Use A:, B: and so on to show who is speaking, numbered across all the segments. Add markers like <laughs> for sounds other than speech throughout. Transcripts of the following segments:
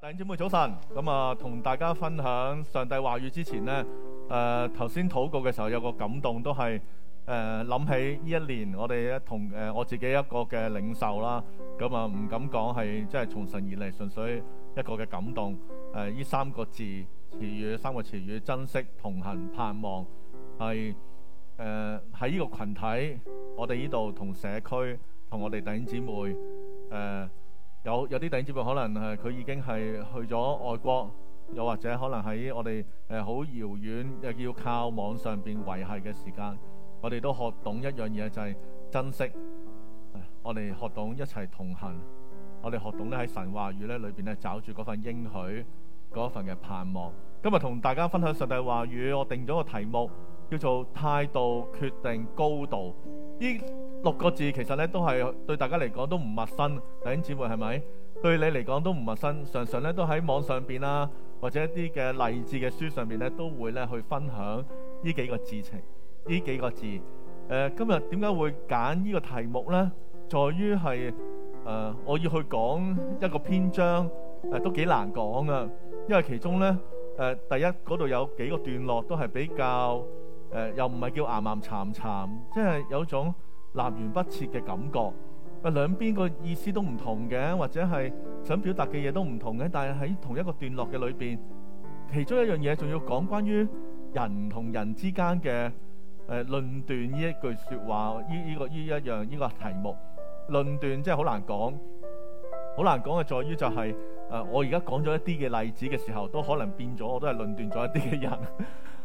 A: 弟兄姊妹早晨，咁啊，同大家分享上帝話語之前呢，誒、呃，頭先禱告嘅時候有個感動，都係誒諗起呢一年我哋一同誒、呃、我自己一個嘅領袖啦，咁啊唔敢講係即係從神而嚟，純粹一個嘅感動。誒、呃，呢三個字詞語，三個詞語，珍惜、同行、盼望，係誒喺呢個群體，我哋呢度同社區，同我哋弟兄姊妹，誒、呃。有有啲弟兄姊妹可能係佢已經係去咗外國，又或者可能喺我哋誒好遙遠，又要靠網上邊維繫嘅時間，我哋都學懂一樣嘢，就係、是、珍惜。我哋學懂一齊同行，我哋學懂咧喺神話語咧裏邊咧找住嗰份應許，嗰份嘅盼望。今日同大家分享上帝話語，我定咗個題目叫做態度決定高度。依六個字其實咧都係對大家嚟講都唔陌生，弟兄姊妹係咪？對你嚟講都唔陌生。常常咧都喺網上邊啦、啊，或者一啲嘅勵志嘅書上邊咧都會咧去分享呢幾個字情，呢幾個字。誒、呃，今日點解會揀呢個題目呢？在於係誒，我要去講一個篇章，誒、呃、都幾難講啊，因為其中呢誒、呃、第一嗰度有幾個段落都係比較誒、呃，又唔係叫岩岩巉巉，即係有種。立完不切嘅感覺，啊兩邊個意思都唔同嘅，或者係想表達嘅嘢都唔同嘅，但係喺同一個段落嘅裏邊，其中一樣嘢仲要講關於人同人之間嘅誒、呃、論斷呢一句説話，呢呢個呢一樣呢個題目論斷真係好難講，好難講嘅在於就係、是、誒、呃、我而家講咗一啲嘅例子嘅時候，都可能變咗，我都係論斷咗一啲嘅人。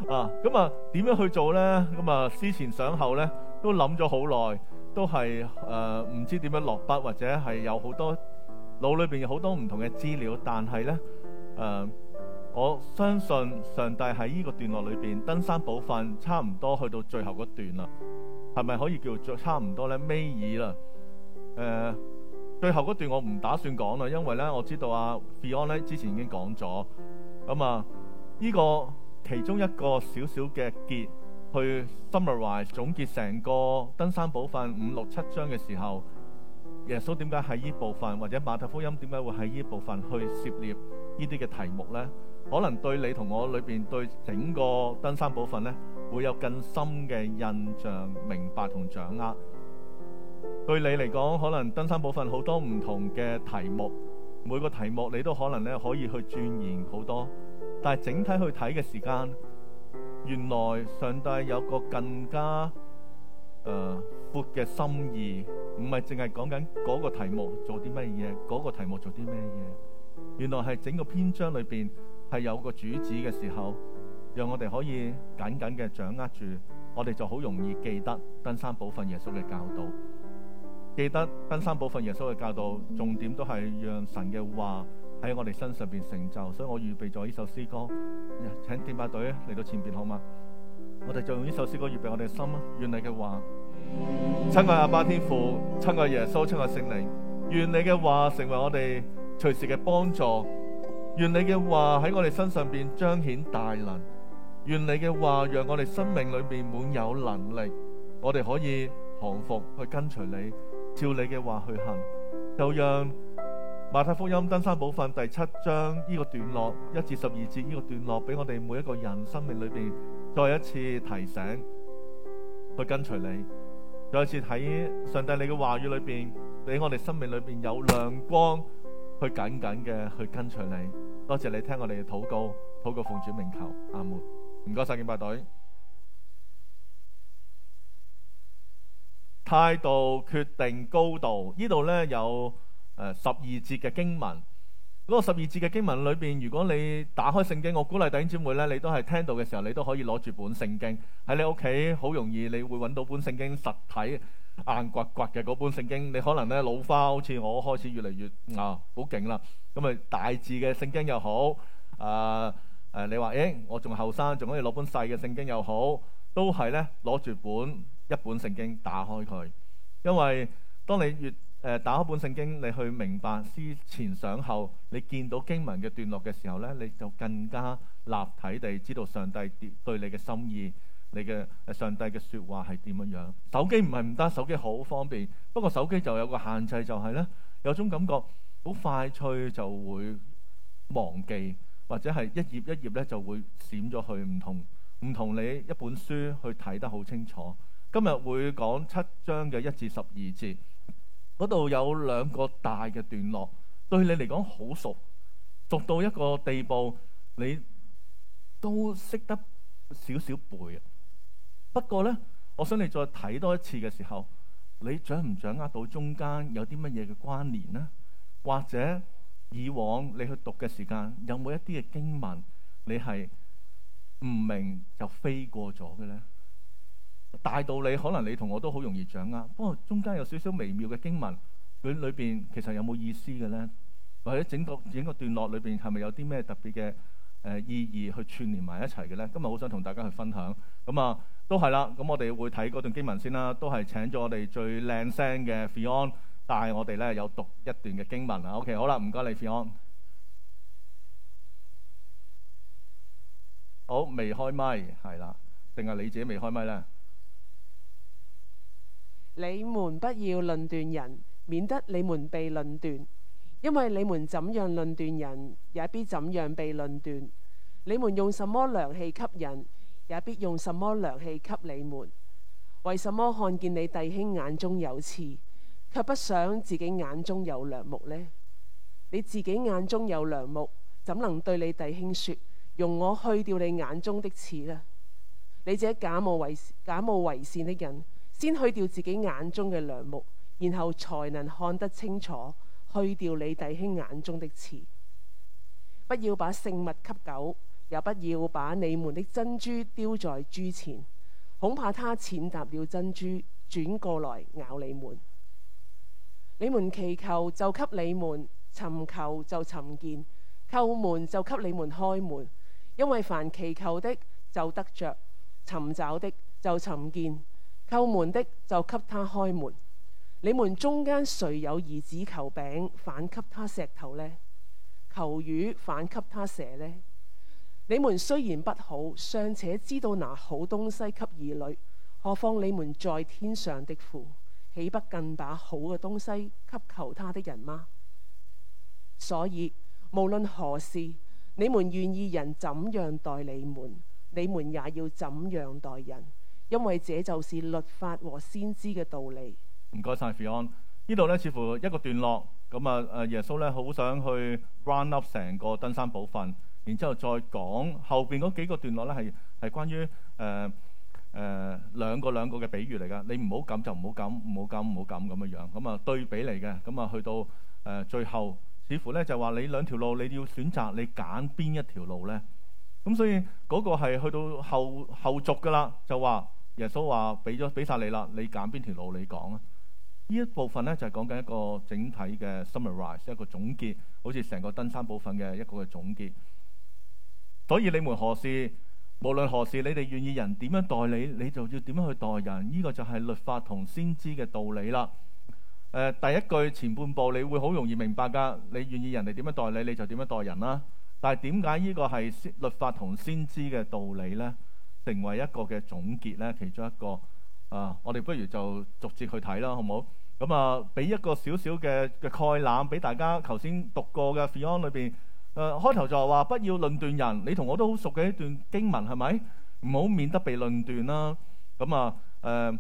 A: 啊，咁啊，點樣去做呢？咁啊，思前想後呢，都諗咗好耐，都係誒，唔、呃、知點樣落筆，或者係有好多腦裏邊有好多唔同嘅資料。但係呢，誒、呃，我相信上帝喺呢個段落裏邊登山寶訓差唔多去到最後嗰段啦，係咪可以叫做差唔多呢？尾二啦，誒、呃，最後嗰段我唔打算講啦，因為呢，我知道阿、啊、Fion 咧之前已經講咗咁啊，呢、呢個。其中一個小小嘅結，去 summarize 總結成個登山部分五六七章嘅時候，耶穌點解喺呢部分，或者馬太福音點解會喺呢部分去涉獵呢啲嘅題目呢？可能對你同我裏面對整個登山部分呢，會有更深嘅印象、明白同掌握。對你嚟講，可能登山部分好多唔同嘅題目，每個題目你都可能可以去鑽研好多。但係整體去睇嘅時間，原來上帝有個更加誒闊嘅心意，唔係淨係講緊嗰個題目做啲乜嘢，嗰個題目做啲咩嘢。原來係整個篇章裏邊係有個主旨嘅時候，讓我哋可以緊緊嘅掌握住，我哋就好容易記得登山寶訓耶穌嘅教導，記得登山寶訓耶穌嘅教導，重點都係讓神嘅話，喺我哋身上邊成就，所以我預備咗呢首詩歌，請敬拜隊嚟到前邊好嗎？我哋就用呢首詩歌預備我哋嘅心，願你嘅話，親愛阿爸天父，親愛耶穌，親愛聖靈，願你嘅話成為我哋隨時嘅幫助，願你嘅話喺我哋身上邊彰顯大能，願你嘅話讓我哋生命裏面滿有能力，我哋可以降服去跟隨你，照你嘅話去行，就讓。馬太福音登山寶訓第七章呢、這個段落一至十二節呢、這個段落，俾我哋每一個人生命裏邊再一次提醒去跟隨你，再一次喺上帝你嘅話語裏邊，俾我哋生命裏邊有亮光去緊緊嘅去跟隨你。多謝你聽我哋嘅禱告，禱告奉主名求阿門。唔該晒敬拜隊，態度決定高度。呢度呢有。誒、呃，十二節嘅經文，嗰、那個十二節嘅經文裏邊，如果你打開聖經，我鼓勵弟兄姊妹呢，你都係聽到嘅時候，你都可以攞住本聖經喺你屋企，好容易你會揾到本聖經實體硬刮刮嘅嗰本聖經。你可能呢，老花，好似我開始越嚟越啊，勁了好勁啦。咁啊，大字嘅聖經又好，誒誒，你話誒，我仲後生，仲可以攞本細嘅聖經又好，都係呢，攞住本一本聖經打開佢，因為當你越。誒，打開一本聖經，你去明白思前想後，你見到經文嘅段落嘅時候呢，你就更加立體地知道上帝對你嘅心意，你嘅上帝嘅說話係點樣樣？手機唔係唔得，手機好方便，不過手機就有個限制，就係呢，有種感覺好快脆就會忘記，或者係一頁一頁咧就會閃咗去，唔同唔同你一本書去睇得好清楚。今日會講七章嘅一至十二節。嗰度有兩個大嘅段落，對你嚟講好熟，熟到一個地步，你都識得少少背。不過呢，我想你再睇多一次嘅時候，你掌唔掌握到中間有啲乜嘢嘅關聯呢？或者以往你去讀嘅時間，有冇一啲嘅經文你係唔明就飛過咗嘅呢？大道理可能你同我都好容易掌握，不過中間有少少微妙嘅經文，佢裏邊其實有冇意思嘅咧？或者整個整個段落裏邊係咪有啲咩特別嘅誒意義去串連埋一齊嘅咧？今日好想同大家去分享。咁啊，都係啦。咁我哋會睇嗰段經文先啦。都係請咗我哋最靚聲嘅 Fion，帶我哋咧有讀一段嘅經文啊。OK，好啦，唔該你 Fion。好，未開咪，係啦，定係你自己未開咪咧？
B: 你們不要論斷人，免得你們被論斷。因為你們怎樣論斷人，也必怎樣被論斷。你們用什麼量器給人，也必用什麼量器給你們。為什麼看見你弟兄眼中有刺，却不想自己眼中有梁木呢？你自己眼中有梁木，怎能對你弟兄說：容我去掉你眼中的刺呢？你這假冒為假冒為善的人！先去掉自己眼中嘅梁木，然後才能看得清楚。去掉你弟兄眼中的刺，不要把聖物給狗，也不要把你們的珍珠丟在豬前，恐怕他踐踏了珍珠，轉過來咬你們。你們祈求就給你們，尋求就尋見，叩門就給你們開門，因為凡祈求的就得着，尋找的就尋見。叩門的就給他開門，你們中間誰有兒子求餅，反給他石頭呢？求魚，反給他蛇呢？你們雖然不好，尚且知道拿好東西給兒女，何況你們在天上的父，豈不更把好嘅東西給求他的人嗎？所以無論何事，你們願意人怎樣待你們，你們也要怎樣待人。因為這就是律法和先知嘅道理。
A: 唔該晒，Fion。呢度呢，似乎一個段落。咁啊，誒，耶穌呢好想去 run up 成個登山部分，然之後再講後邊嗰幾個段落呢係係關於誒誒兩個兩個嘅比喻嚟噶。你唔好咁就唔好咁，唔好咁唔好咁咁樣樣。咁啊對比嚟嘅。咁啊去到誒最後，似乎呢就話你兩條路你要選擇，你揀邊一條路呢？咁所以嗰個係去到後後續噶啦，就話。耶穌話：俾咗俾晒你啦，你揀邊條路你講啦。呢一部分呢，就係、講緊一個整體嘅 summarize，一個總結，好似成個登山部分嘅一個嘅總結。所以你們何事，無論何事，你哋願意人點樣待你，你就要點樣去待人。呢、呢個就係律法同先知嘅道理啦、呃。第一句前半部你會好容易明白噶，你願意人哋點樣待你，你就點樣待人啦。但係點解呢個係律法同先知嘅道理呢？定為一個嘅總結咧，其中一個啊，我哋不如就逐節去睇啦，好冇好？咁啊，俾一個少少嘅嘅概覽俾大家。頭先讀過嘅《Phil、啊》裏邊，誒開頭就話不要論斷人，你同我都好熟嘅一段經文係咪？唔好免得被論斷啦。咁啊誒、啊，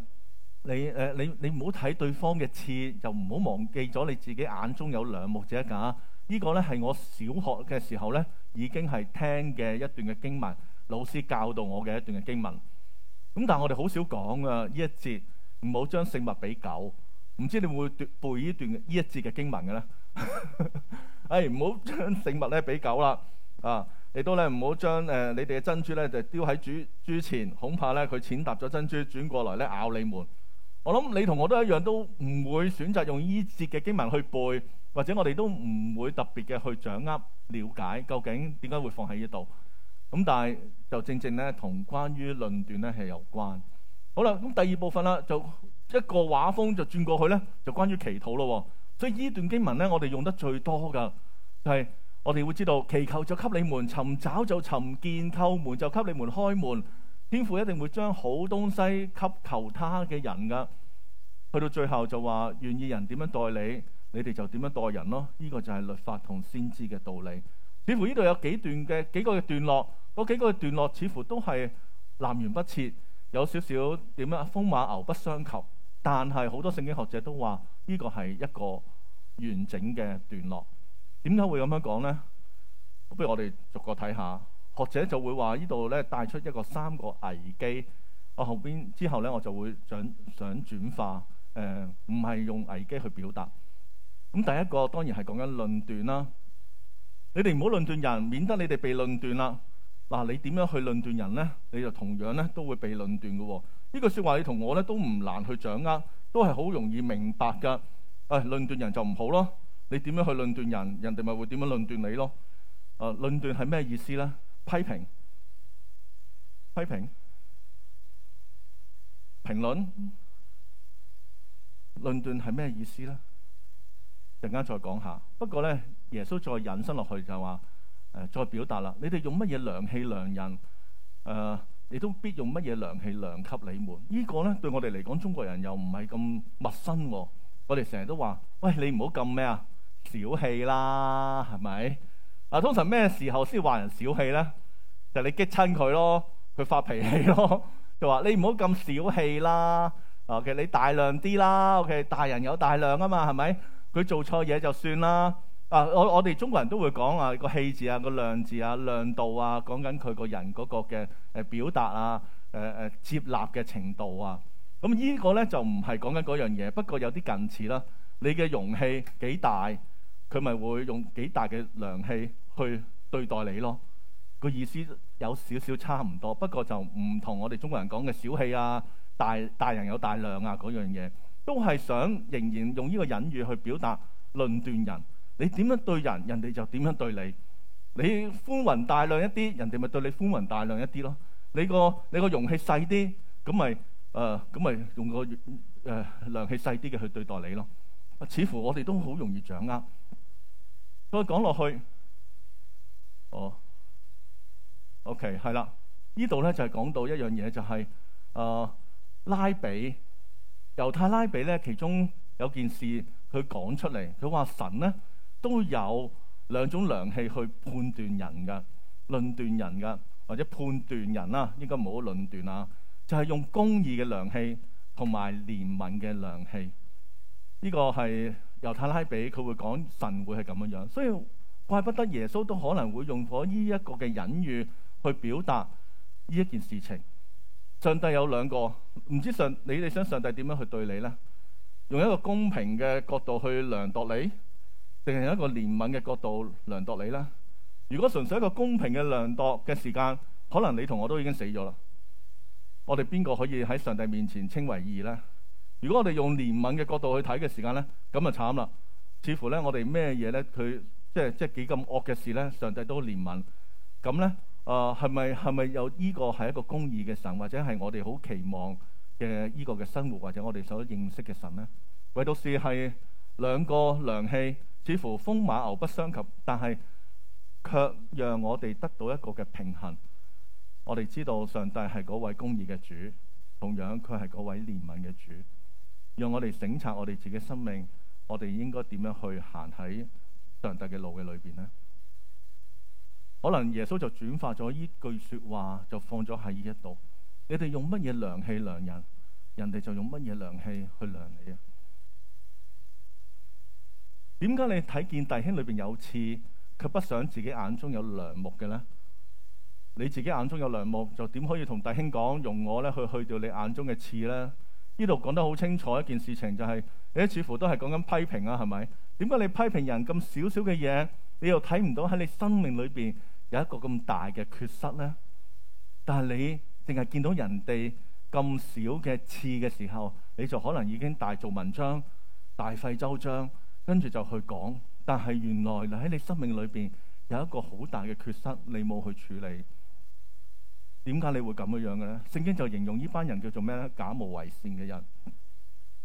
A: 你誒、啊、你你唔好睇對方嘅刺，就唔好忘記咗你自己眼中有樑木者假。這個、呢個咧係我小學嘅時候咧已經係聽嘅一段嘅經文。老師教導我嘅一段嘅經文，咁但係我哋好少講啊。呢一節唔好將聖物俾狗，唔知道唔知你會背呢段呢一節嘅經文嘅咧？誒、 <laughs> 哎，唔好將聖物咧俾狗啦啊！你都咧唔好將誒你哋嘅珍珠咧就丟喺豬前，恐怕咧佢踐踏咗珍珠，轉過來咧咬你們。我諗你同我都一樣，都唔會選擇用呢一節嘅經文去背，或者我哋都唔會特別嘅去掌握、了解究竟點解會放喺呢度。咁、嗯、但係就正正咧，同關於論斷咧係有關好。好、嗯、啦，咁第二部分啦，就一個畫風就轉過去咧，就關於祈禱咯、哦。所以呢段經文咧，我哋用得最多噶，係我哋會知道，祈求就給你們，尋找就尋見，叩門就給你們開門。天父一定會將好東西給求他嘅人噶。去到最後就話，願意人點樣待你，你哋就點樣待人咯。呢、呢個就係律法同先知嘅道理。似乎呢度有幾段嘅幾個段落。嗰幾個段落似乎都係南轅北轍，有少少點樣，風馬牛不相及，但係好多聖經學者都話呢個係一個完整嘅段落。點解會咁樣講呢？不如我哋逐個睇下。學者就會話呢度咧帶出一個三個危機。我後面之後咧，我就會想想轉化誒，唔係用危機去表達。咁第一個當然係講緊論斷啦。你哋唔好論斷人，免得你哋被論斷啦。嗱、啊，你點樣去論斷人呢？你就同樣咧都會被論斷嘅。呢句説話你同我咧都唔難去掌握，都係好容易明白嘅。誒、哎，論斷人就唔好咯。你點樣去論斷人，人哋咪會點樣論斷你咯。誒、啊，論斷係咩意思呢？批評、批評、評論，論斷係咩意思呢？陣間再講下。不過呢，耶穌再引申落去就話。誒、呃、再表達啦！你哋用乜嘢量器量人？誒、呃，你都必用乜嘢量器量給你們？這個、呢個咧對我哋嚟講，中國人又唔係咁陌生喎、哦。我哋成日都話，喂，你唔好咁咩啊？小氣啦，係咪？啊，通常咩時候先話人小氣咧？就是、你激親佢咯，佢發脾氣咯，就 <laughs> 話你唔好咁小氣啦。啊，OK，你大量啲啦。OK，大人有大量啊嘛，係咪？佢做錯嘢就算啦。啊！我我哋中國人都會講啊，個氣字啊，個量字啊，量度啊，講緊佢個人嗰個嘅表達啊，啊，啊，接納嘅程度啊。咁、啊這個、呢個咧就唔係講緊嗰樣嘢，不過有啲近似啦。你嘅容器幾大，佢咪會用幾大嘅量器去對待你咯。個意思有少少差唔多，不過就唔同我哋中國人講嘅小氣啊，大大人有大量啊嗰樣嘢，都係想仍然用呢個隱喻去表達論斷人。你點樣對人，人哋就點樣對你。你寬宏大量一啲，人哋咪對你寬宏大量一啲咯。你個你個容器細啲，咁咪誒咁咪用個誒、呃、量器細啲嘅去對待你咯。似乎我哋都好容易掌握。再講落去，哦，OK，係啦。這裏呢度咧就係、是、講到一樣嘢，就係、是、誒、呃、拉比猶太拉比咧，其中有件事佢講出嚟，佢話神咧。都有兩種量器去判斷人㗎、論斷人㗎，或者判斷人啦，應該冇論斷啦，就係、是、用公義嘅量器同埋憐憫嘅量器。呢、這個係猶太拉比佢會講神會係咁樣樣，所以怪不得耶穌都可能會用咗呢一個嘅隱喻去表達呢一件事情。上帝有兩個，唔知道上你哋想上帝點樣去對你呢？用一個公平嘅角度去量度你。定係一個憐憫嘅角度量度你啦。如果純粹一個公平嘅量度嘅時間，可能你同我都已經死咗啦。我哋邊個可以喺上帝面前稱為義咧？如果我哋用憐憫嘅角度去睇嘅時間咧，咁就慘啦。似乎咧，我哋咩嘢咧？佢即係即係幾咁惡嘅事咧？上帝都憐憫咁咧。啊，係咪係咪有依個係一個公義嘅神，或者係我哋好期望嘅依個嘅生活，或者我哋所認識嘅神咧？唯獨是係兩個良氣。似乎風馬牛不相及，但係卻讓我哋得到一個嘅平衡。我哋知道上帝係嗰位公義嘅主，同樣佢係嗰位憐憫嘅主，讓我哋省察我哋自己的生命，我哋應該點樣去行喺上帝嘅路嘅裏邊呢？可能耶穌就轉化咗呢句說話，就放咗喺呢一度。你哋用乜嘢量器量人，人哋就用乜嘢量器去量你啊！點解你睇見弟兄裏邊有刺，卻不想自己眼中有梁木嘅呢？你自己眼中有梁木，就點可以同弟兄講，用我咧去去掉你眼中嘅刺呢？呢度講得好清楚一件事情、就是，就係誒，似乎都係講緊批評啊，係咪？點解你批評人咁少少嘅嘢，你又睇唔到喺你生命裏邊有一個咁大嘅缺失呢？但係你淨係見到人哋咁少嘅刺嘅時候，你就可能已經大做文章、大費周章。跟住就去講，但係原來喺你，你生命裏邊有一個好大嘅缺失，你冇去處理。點解你會咁嘅樣嘅咧？聖經就形容呢班人叫做咩咧？假冒為善嘅人。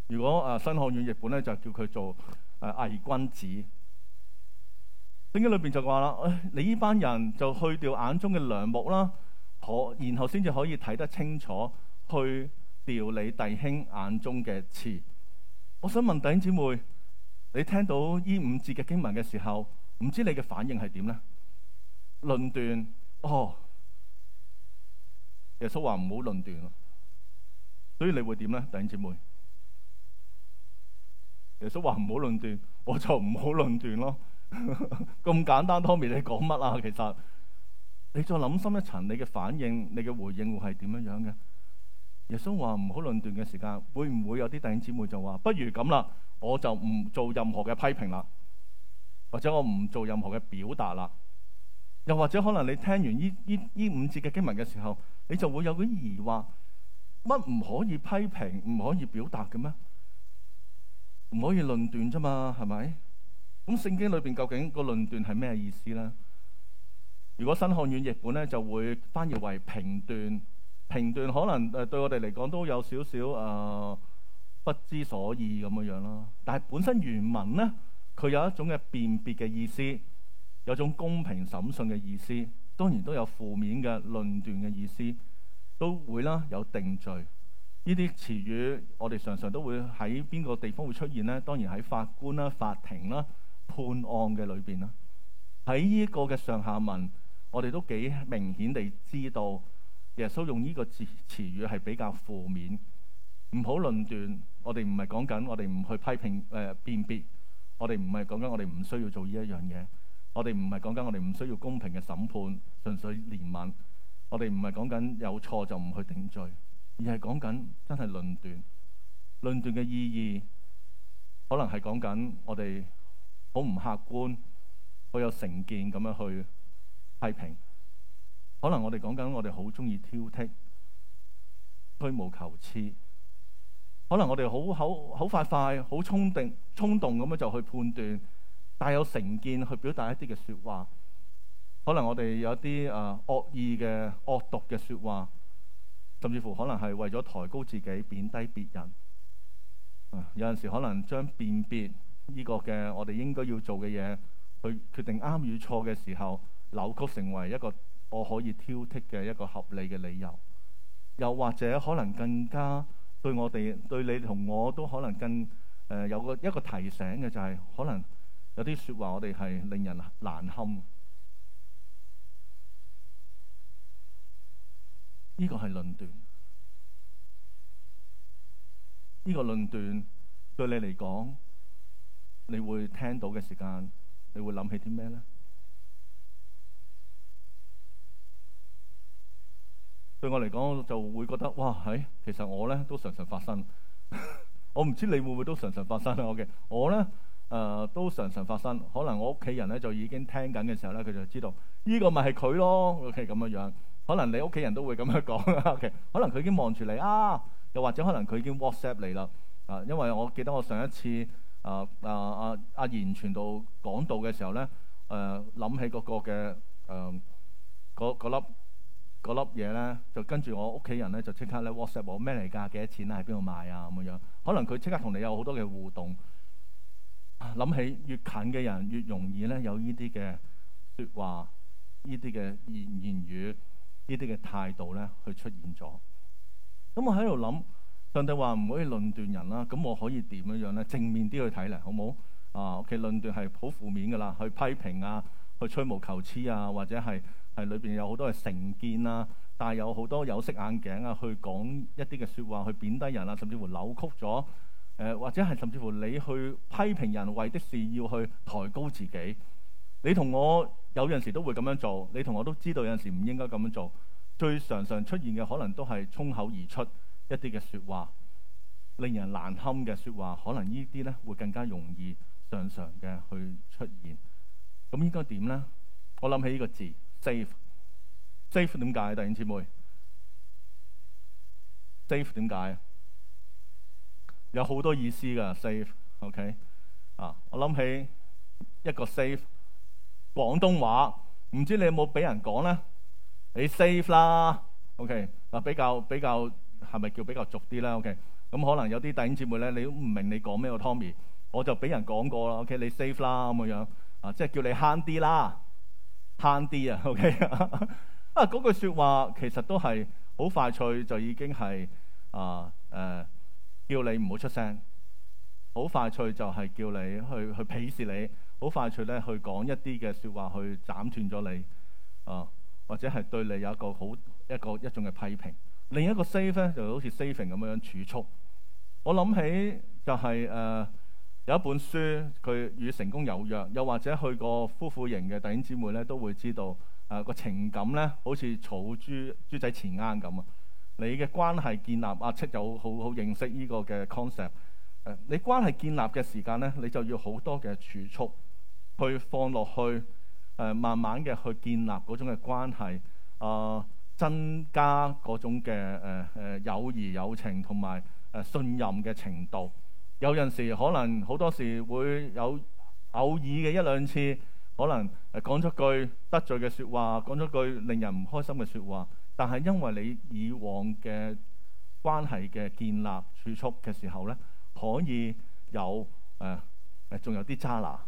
A: 如果誒、呃、新漢語譯本咧，就叫佢做誒偽、呃、君子。聖經裏邊就話啦、哎，你呢班人就去掉眼中嘅樑木啦，可然後先至可以睇得清楚，去掉你弟兄眼中嘅刺。我想問弟兄姊妹。你聽到依五節嘅經文嘅時候，唔知你嘅反應係點咧？論斷，哦，耶穌話唔好論斷，所以你會點咧？弟兄姊妹，耶穌話唔好論斷，我就唔好論斷咯。咁 <laughs> 簡單，Tommy，你講乜啊？其實你再諗深一層，你嘅反應、你嘅回應會係點樣樣嘅？耶穌話唔好論斷嘅時間，會唔會有啲弟兄姊妹就話，不如咁啦，我就唔做任何嘅批評啦，或者我唔做任何嘅表達啦。又或者可能你聽完呢呢呢五節嘅經文嘅時候，你就會有啲疑惑，乜唔可以批評，唔可以表達嘅咩？唔可以論斷啫嘛，係咪？咁聖經裏邊究竟個論斷係咩意思咧？如果新漢語譯本咧，就會翻譯為評斷。評斷可能誒對我哋嚟講都有少少、呃、不知所以咁樣樣囉。但係本身原文呢，佢有一種嘅辨別嘅意思，有種公平審訊嘅意思，當然都有負面嘅論斷嘅意思，都會啦有定罪呢啲詞語。我哋常常都會喺邊個地方會出現呢？當然喺法官啦、法庭啦、判案嘅裏面啦。喺呢個嘅上下文，我哋都幾明顯地知道。耶穌用呢個詞詞語係比較負面，唔好論斷。我哋唔係講緊，我哋唔去批評，誒，辨別。我哋唔係講緊，我哋唔需要做呢一樣嘢。我哋唔係講緊，我哋唔需要公平嘅審判，純粹憐憫。我哋唔係講緊有錯就唔去定罪，而係講緊真係論斷。論斷嘅意義，可能係講緊我哋好唔客觀，好有成見咁樣去批評。可能我哋講緊，我哋好中意挑剔、吹毛求疵。可能我哋好好快快、好衝，衝動衝動咁樣就去判斷，帶有成見去表達一啲嘅說話。可能我哋有啲誒、呃、惡意嘅惡毒嘅說話，甚至乎可能係為咗抬高自己、貶低別人。啊、有陣時可能將辨別呢、這個嘅我哋應該要做嘅嘢去決定啱與錯嘅時候，扭曲成為一個，我可以挑剔嘅一個合理嘅理由，又或者可能更加對我哋對你同我都可能更誒、呃、有一個一個提醒嘅就係，可能有啲說話我哋係令人難堪。呢個係論斷，呢個論斷對你嚟講，你會聽到嘅時間，你會諗起啲咩咧？對我嚟講，我就會覺得哇！係、哎，其實我咧都常常發生。呵呵我唔知你會唔會都常常發生 O.K.，我咧、呃、都常常發生。可能我屋企人咧就已經聽緊嘅時候咧，佢就知道呢、這個咪係佢咯。O.K. 咁樣樣，可能你屋企人都會咁樣講。O.K.，可能佢已經望住你啊，又或者可能佢已經 WhatsApp 你啦。啊、呃，因為我記得我上一次、呃、啊啊啊阿、啊、言傳道講道嘅時候咧，諗、呃、起嗰個嘅誒嗰粒。呃嗰粒嘢咧，就跟住我屋企人咧，就即刻咧 WhatsApp 我咩嚟㗎？幾多錢啊？喺邊度買啊？咁樣，可能佢即刻同你有好多嘅互動。諗起越近嘅人，越容易咧有呢啲嘅説話、呢啲嘅言言語、呢啲嘅態度咧，去出現咗。咁我喺度諗，上帝話唔可以論斷人啦。咁我可以點樣樣咧？正面啲去睇嚟好冇啊？其實論斷係好負面㗎啦，去批評啊，去吹毛求疵啊，或者係。係裏邊有好多嘅成見啊，但係有好多有色眼鏡啊，去講一啲嘅説話，去貶低人啊，甚至乎扭曲咗誒、呃，或者係甚至乎你去批評人，為的是要去抬高自己。你同我有陣時都會咁樣做，你同我都知道有陣時唔應該咁樣做。最常常出現嘅可能都係衝口而出一啲嘅説話，令人難堪嘅説話，可能呢啲呢會更加容易常常嘅去出現。咁應該點呢？我諗起呢個字。save，save 點解？弟兄姊妹，save 點解？有好多意思噶，save。OK，啊，我諗起一個 save 廣東話，唔知你有冇俾人講咧？你 save 啦，OK，啊比較比較係咪叫比較俗啲咧？OK，咁可能有啲弟兄姊妹咧，你都唔明你講咩喎，Tommy。我就俾人講過啦，OK，你 save 啦咁樣，啊即係叫你慳啲啦。慳啲啊，OK 啊！嗰句説話其實都係好快脆，就已經係啊誒，叫你唔好出聲。好快脆就係叫你去去鄙視你，好快脆咧去講一啲嘅説話去斬斷咗你啊、呃，或者係對你有一個好一個一種嘅批評。另一個 save 咧就好似 saving 咁樣樣儲蓄。我諗起就係、是、誒。呃有一本書，佢與成功有約，又或者去過夫婦營嘅弟兄姊妹咧，都會知道誒、呃那個情感咧，好似儲豬豬仔錢啱咁啊！你嘅關係建立，阿、啊、七有好好認識呢個嘅 concept。誒、呃，你關係建立嘅時間咧，你就要好多嘅儲蓄去放落去，誒、呃、慢慢嘅去建立嗰種嘅關係，啊、呃、增加嗰種嘅誒誒友誼、友、呃呃、情同埋誒信任嘅程度。有陣時可能好多時會有偶爾嘅一兩次，可能誒講出句得罪嘅説話，講出句令人唔開心嘅説話。但係因為你以往嘅關係嘅建立儲蓄嘅時候咧，可以有誒誒，仲、呃、有啲渣拿。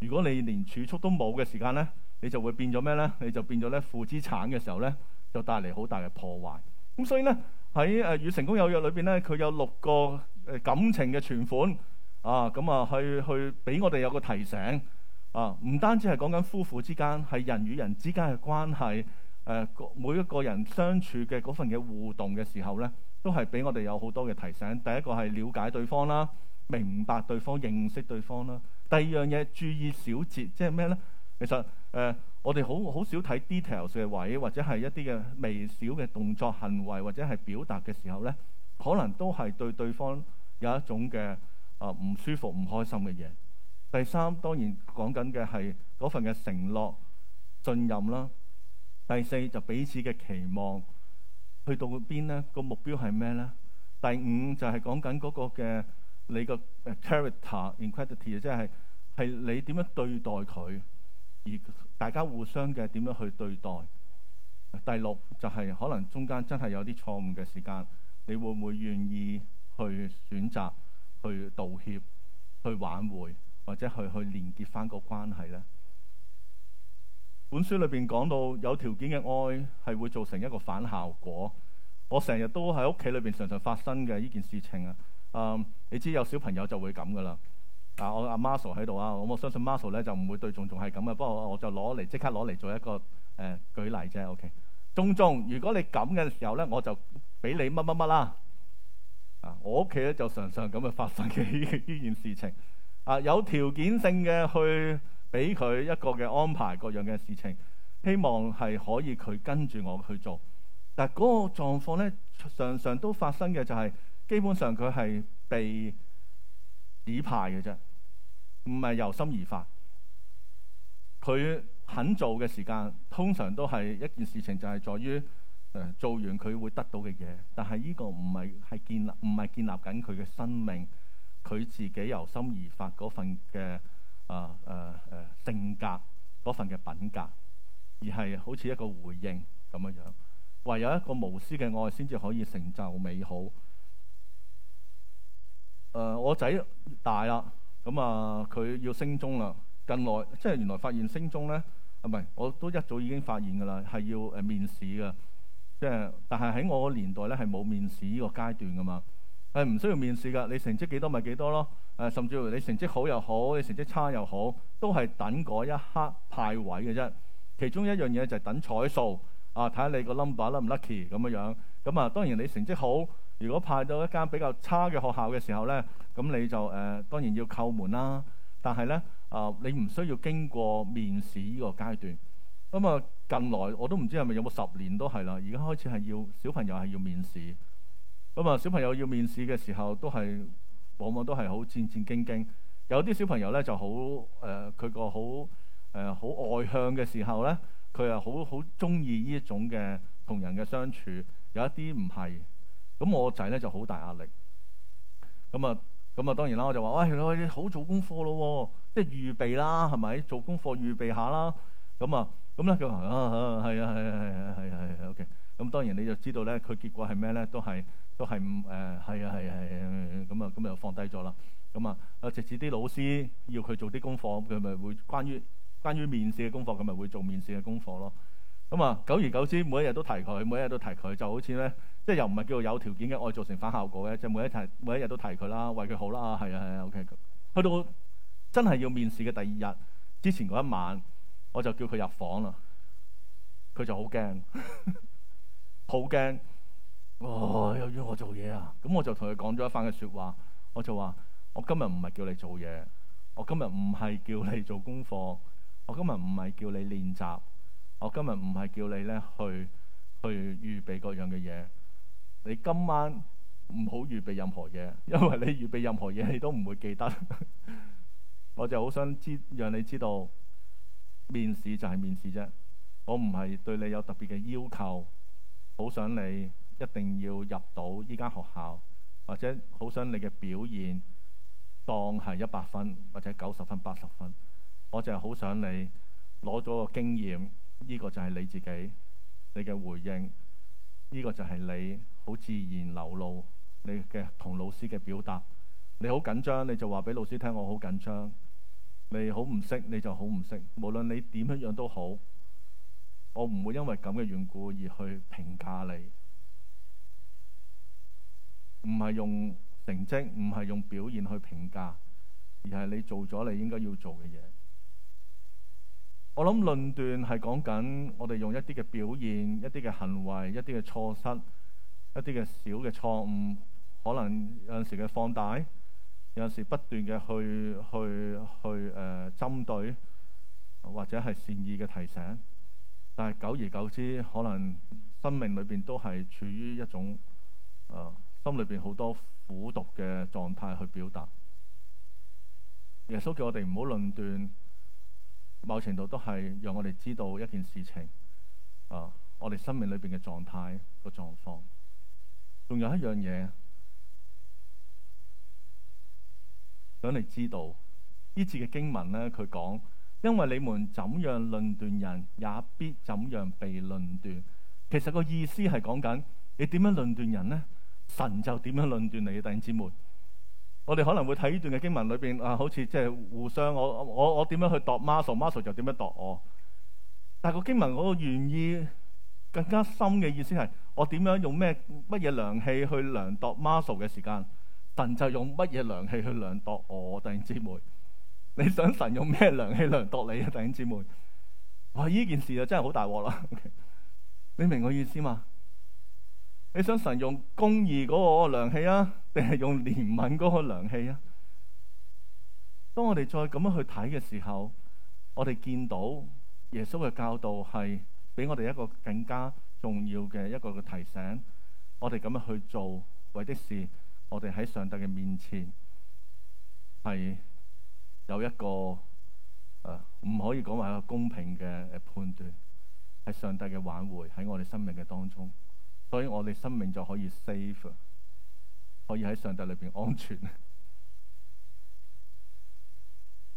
A: 如果你連儲蓄都冇嘅時間咧，你就會變咗咩咧？你就變咗咧負資產嘅時候咧，就帶嚟好大嘅破壞。咁所以咧喺誒與成功有約裏邊咧，佢有六個。誒感情嘅存款啊，咁啊去去俾我哋有個提醒啊！唔單止係講緊夫婦之間，係人與人之間嘅關係。誒、呃，每一個人相處嘅嗰份嘅互動嘅時候呢，都係俾我哋有好多嘅提醒。第一個係了解對方啦，明白對方，認識對方啦。第二樣嘢注意小節，即係咩呢？其實誒、呃，我哋好好少睇 details 嘅位，或者係一啲嘅微小嘅動作行為，或者係表達嘅時候呢。可能都係對對方有一種嘅啊，唔、呃、舒服、唔開心嘅嘢。第三當然講緊嘅係嗰份嘅承諾信任啦。第四就彼此嘅期望去到邊咧？個目標係咩咧？第五就係講緊嗰個嘅你個 character integrity，即、就、係、是、係你點樣對待佢，而大家互相嘅點樣去對待。第六就係、是、可能中間真係有啲錯誤嘅時間。你會唔會願意去選擇去道歉、去挽回，或者去去連結翻個關係咧？本書裏面講到有條，有條件嘅愛係會造成一個反效果。我成日都喺屋企裏面常常發生嘅呢件事情啊、嗯。你知有小朋友就會咁噶啦。我阿 Marshall 喺度啊，咁我相信 Marshall 咧就唔會對仲仲係咁嘅。不過我就攞嚟即刻攞嚟做一個誒、呃、舉例啫。OK，中中，如果你咁嘅時候咧，我就。俾你乜乜乜啦，啊！我屋企咧就常常咁去發生嘅呢件事情，啊，有條件性嘅去俾佢一個嘅安排，各樣嘅事情，希望係可以佢跟住我去做。但嗰個狀況咧，常常都發生嘅就係，基本上佢係被指派嘅啫，唔係由心而發。佢肯做嘅時間，通常都係一件事情就係在於。誒，做完佢會得到嘅嘢，但係呢個唔係係建立，唔係建立緊佢嘅生命，佢自己由心而發嗰份嘅啊啊啊性格嗰份嘅品格，而係好似一個回應咁樣樣。唯有一個無私嘅愛，先至可以成就美好。誒、啊，我仔大啦，咁、嗯、啊，佢要升中啦。近來即係原來發現升中咧，唔、啊、係我都一早已經發現㗎啦，係要誒面試㗎。即係，但係喺我個年代咧，係冇面試呢個階段噶嘛。係唔需要面試噶，你成績幾多咪幾多咯。誒，甚至乎你成績好又好，你成績差又好，都係等嗰一刻派位嘅啫。其中一樣嘢就係等彩數，啊，睇下你個 number lucky 咁樣樣。咁啊，當然你成績好，如果派到一間比較差嘅學校嘅時候咧，咁你就誒、啊、當然要扣門啦。但係咧，啊，你唔需要經過面試呢個階段。咁啊，近來我都唔知係咪有冇十年都係啦。而家開始係要小朋友，係要面試。咁啊，小朋友要面試嘅時候都，都係往往都係好戰戰兢兢。有啲小朋友咧就好誒，佢個好誒好外向嘅時候咧，佢係好好中意呢一種嘅同人嘅相處。有一啲唔係。咁我仔咧就好大壓力。咁啊，咁啊，當然啦，我就話：喂，你好做功課咯、哦，即係預備啦，係咪做功課預備下啦？咁啊，咁咧佢話啊啊，係啊，係啊，係啊，係啊，係啊，OK。咁當然你就知道咧，佢結果係咩咧？都係都係唔誒，係、呃、啊，係啊，係啊，咁啊，咁、嗯、又放低咗啦。咁啊，直至啲老師要佢做啲功課，佢咪會關於關於面試嘅功課，佢咪會做面試嘅功課咯。咁啊，久而久之，每一日都提佢，每一日都提佢，就好似咧，即係又唔係叫做有條件嘅愛造成反效果嘅，即、就、係、是、每一提每一日都提佢啦，為佢好啦，係啊，係啊，OK。去到真係要面試嘅第二日之前嗰一晚。我就叫佢入房啦，佢就好驚，好 <laughs> 驚，哦又要我做嘢啊！咁我就同佢講咗一番嘅說話，我就話：我今日唔係叫你做嘢，我今日唔係叫你做功課，我今日唔係叫你練習，我今日唔係叫你咧去去預備各樣嘅嘢。你今晚唔好預備任何嘢，因為你預備任何嘢，你都唔會記得。 <laughs> 我就好想知讓你知道。面試就係面試啫，我唔係對你有特別嘅要求，好想你一定要入到呢間學校，或者好想你嘅表現當係一百分或者九十分、八十分。我就係好想你攞咗個經驗，呢個就係你自己你嘅回應，呢個就係你好自然流露你嘅同老師嘅表達。你好緊張你就話俾老師聽，我好緊張。你好唔識，你就好唔識。無論你點樣樣都好，我唔會因為咁嘅緣故而去評價你。唔係用成績，唔係用表現去評價，而係你做咗你應該要做嘅嘢。我諗論斷係講緊我哋用一啲嘅表現、一啲嘅行為、一啲嘅錯失、一啲嘅小嘅錯誤，可能有陣時嘅放大。有時不斷嘅去去去誒、呃、針對或者係善意嘅提醒，但係久而久之，可能生命裏面都係處於一種誒、啊、心裏面好多苦毒嘅狀態去表達。耶穌叫我哋唔好論斷，某程度都係讓我哋知道一件事情，啊，我哋生命裏面嘅狀態、個狀況。仲有一樣嘢。想你知道呢次嘅經文咧，佢講：因為你們怎樣論斷人，也必怎樣被論斷。其實個意思係講緊你點樣論斷人呢？神就點樣論斷你。弟兄姊妹，我哋可能會睇呢段嘅經文裏邊啊，好似即係互相我我我點樣去度 Marshall，Marshall 就點樣度我。但係個經文嗰個原意更加深嘅意思係，我點樣用咩乜嘢量器去量度 Marshall 嘅時間？神就用乜嘢量器去量度我，弟兄姊妹？你想神用咩量器量度你啊，弟兄姊妹？哇！呢件事就真係好大鑊啦。Okay. 你明白我意思嘛？你想神用公義嗰個量器啊，定係用憐憫嗰個量器啊？當我哋再咁樣去睇嘅時候，我哋見到耶穌嘅教導係俾我哋一個更加重要嘅一個嘅提醒。我哋咁樣去做為的事。我哋喺上帝嘅面前，係有一個誒，唔、呃、可以講話一個公平嘅、呃、判斷，喺上帝嘅挽回喺我哋生命嘅當中，所以我哋生命就可以 save，可以喺上帝裏邊安全。 <laughs>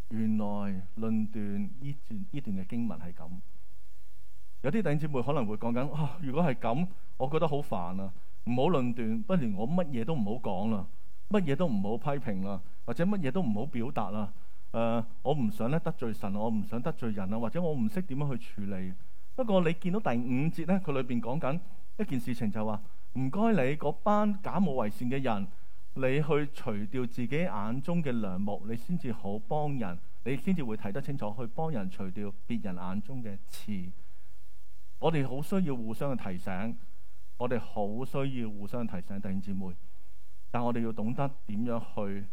A: 原來論斷呢段呢段嘅經文係咁，有啲弟兄姐妹可能會講緊，哇、哦！如果係咁，我覺得好煩啊！唔好論斷，不如我乜嘢都唔好講啦，乜嘢都唔好批評啦，或者乜嘢都唔好表達啦。誒、呃，我唔想咧得罪神，我唔想得罪人啊，或者我唔識點樣去處理。不過你見到第五節呢，佢裏邊講緊一件事情就說，就話唔該你嗰班假冒為善嘅人，你去除掉自己眼中嘅梁木，你先至好幫人，你先至會睇得清楚去幫人除掉別人眼中嘅刺。我哋好需要互相嘅提醒。我哋好需要互相提醒弟兄姊妹，但我哋要懂得點樣去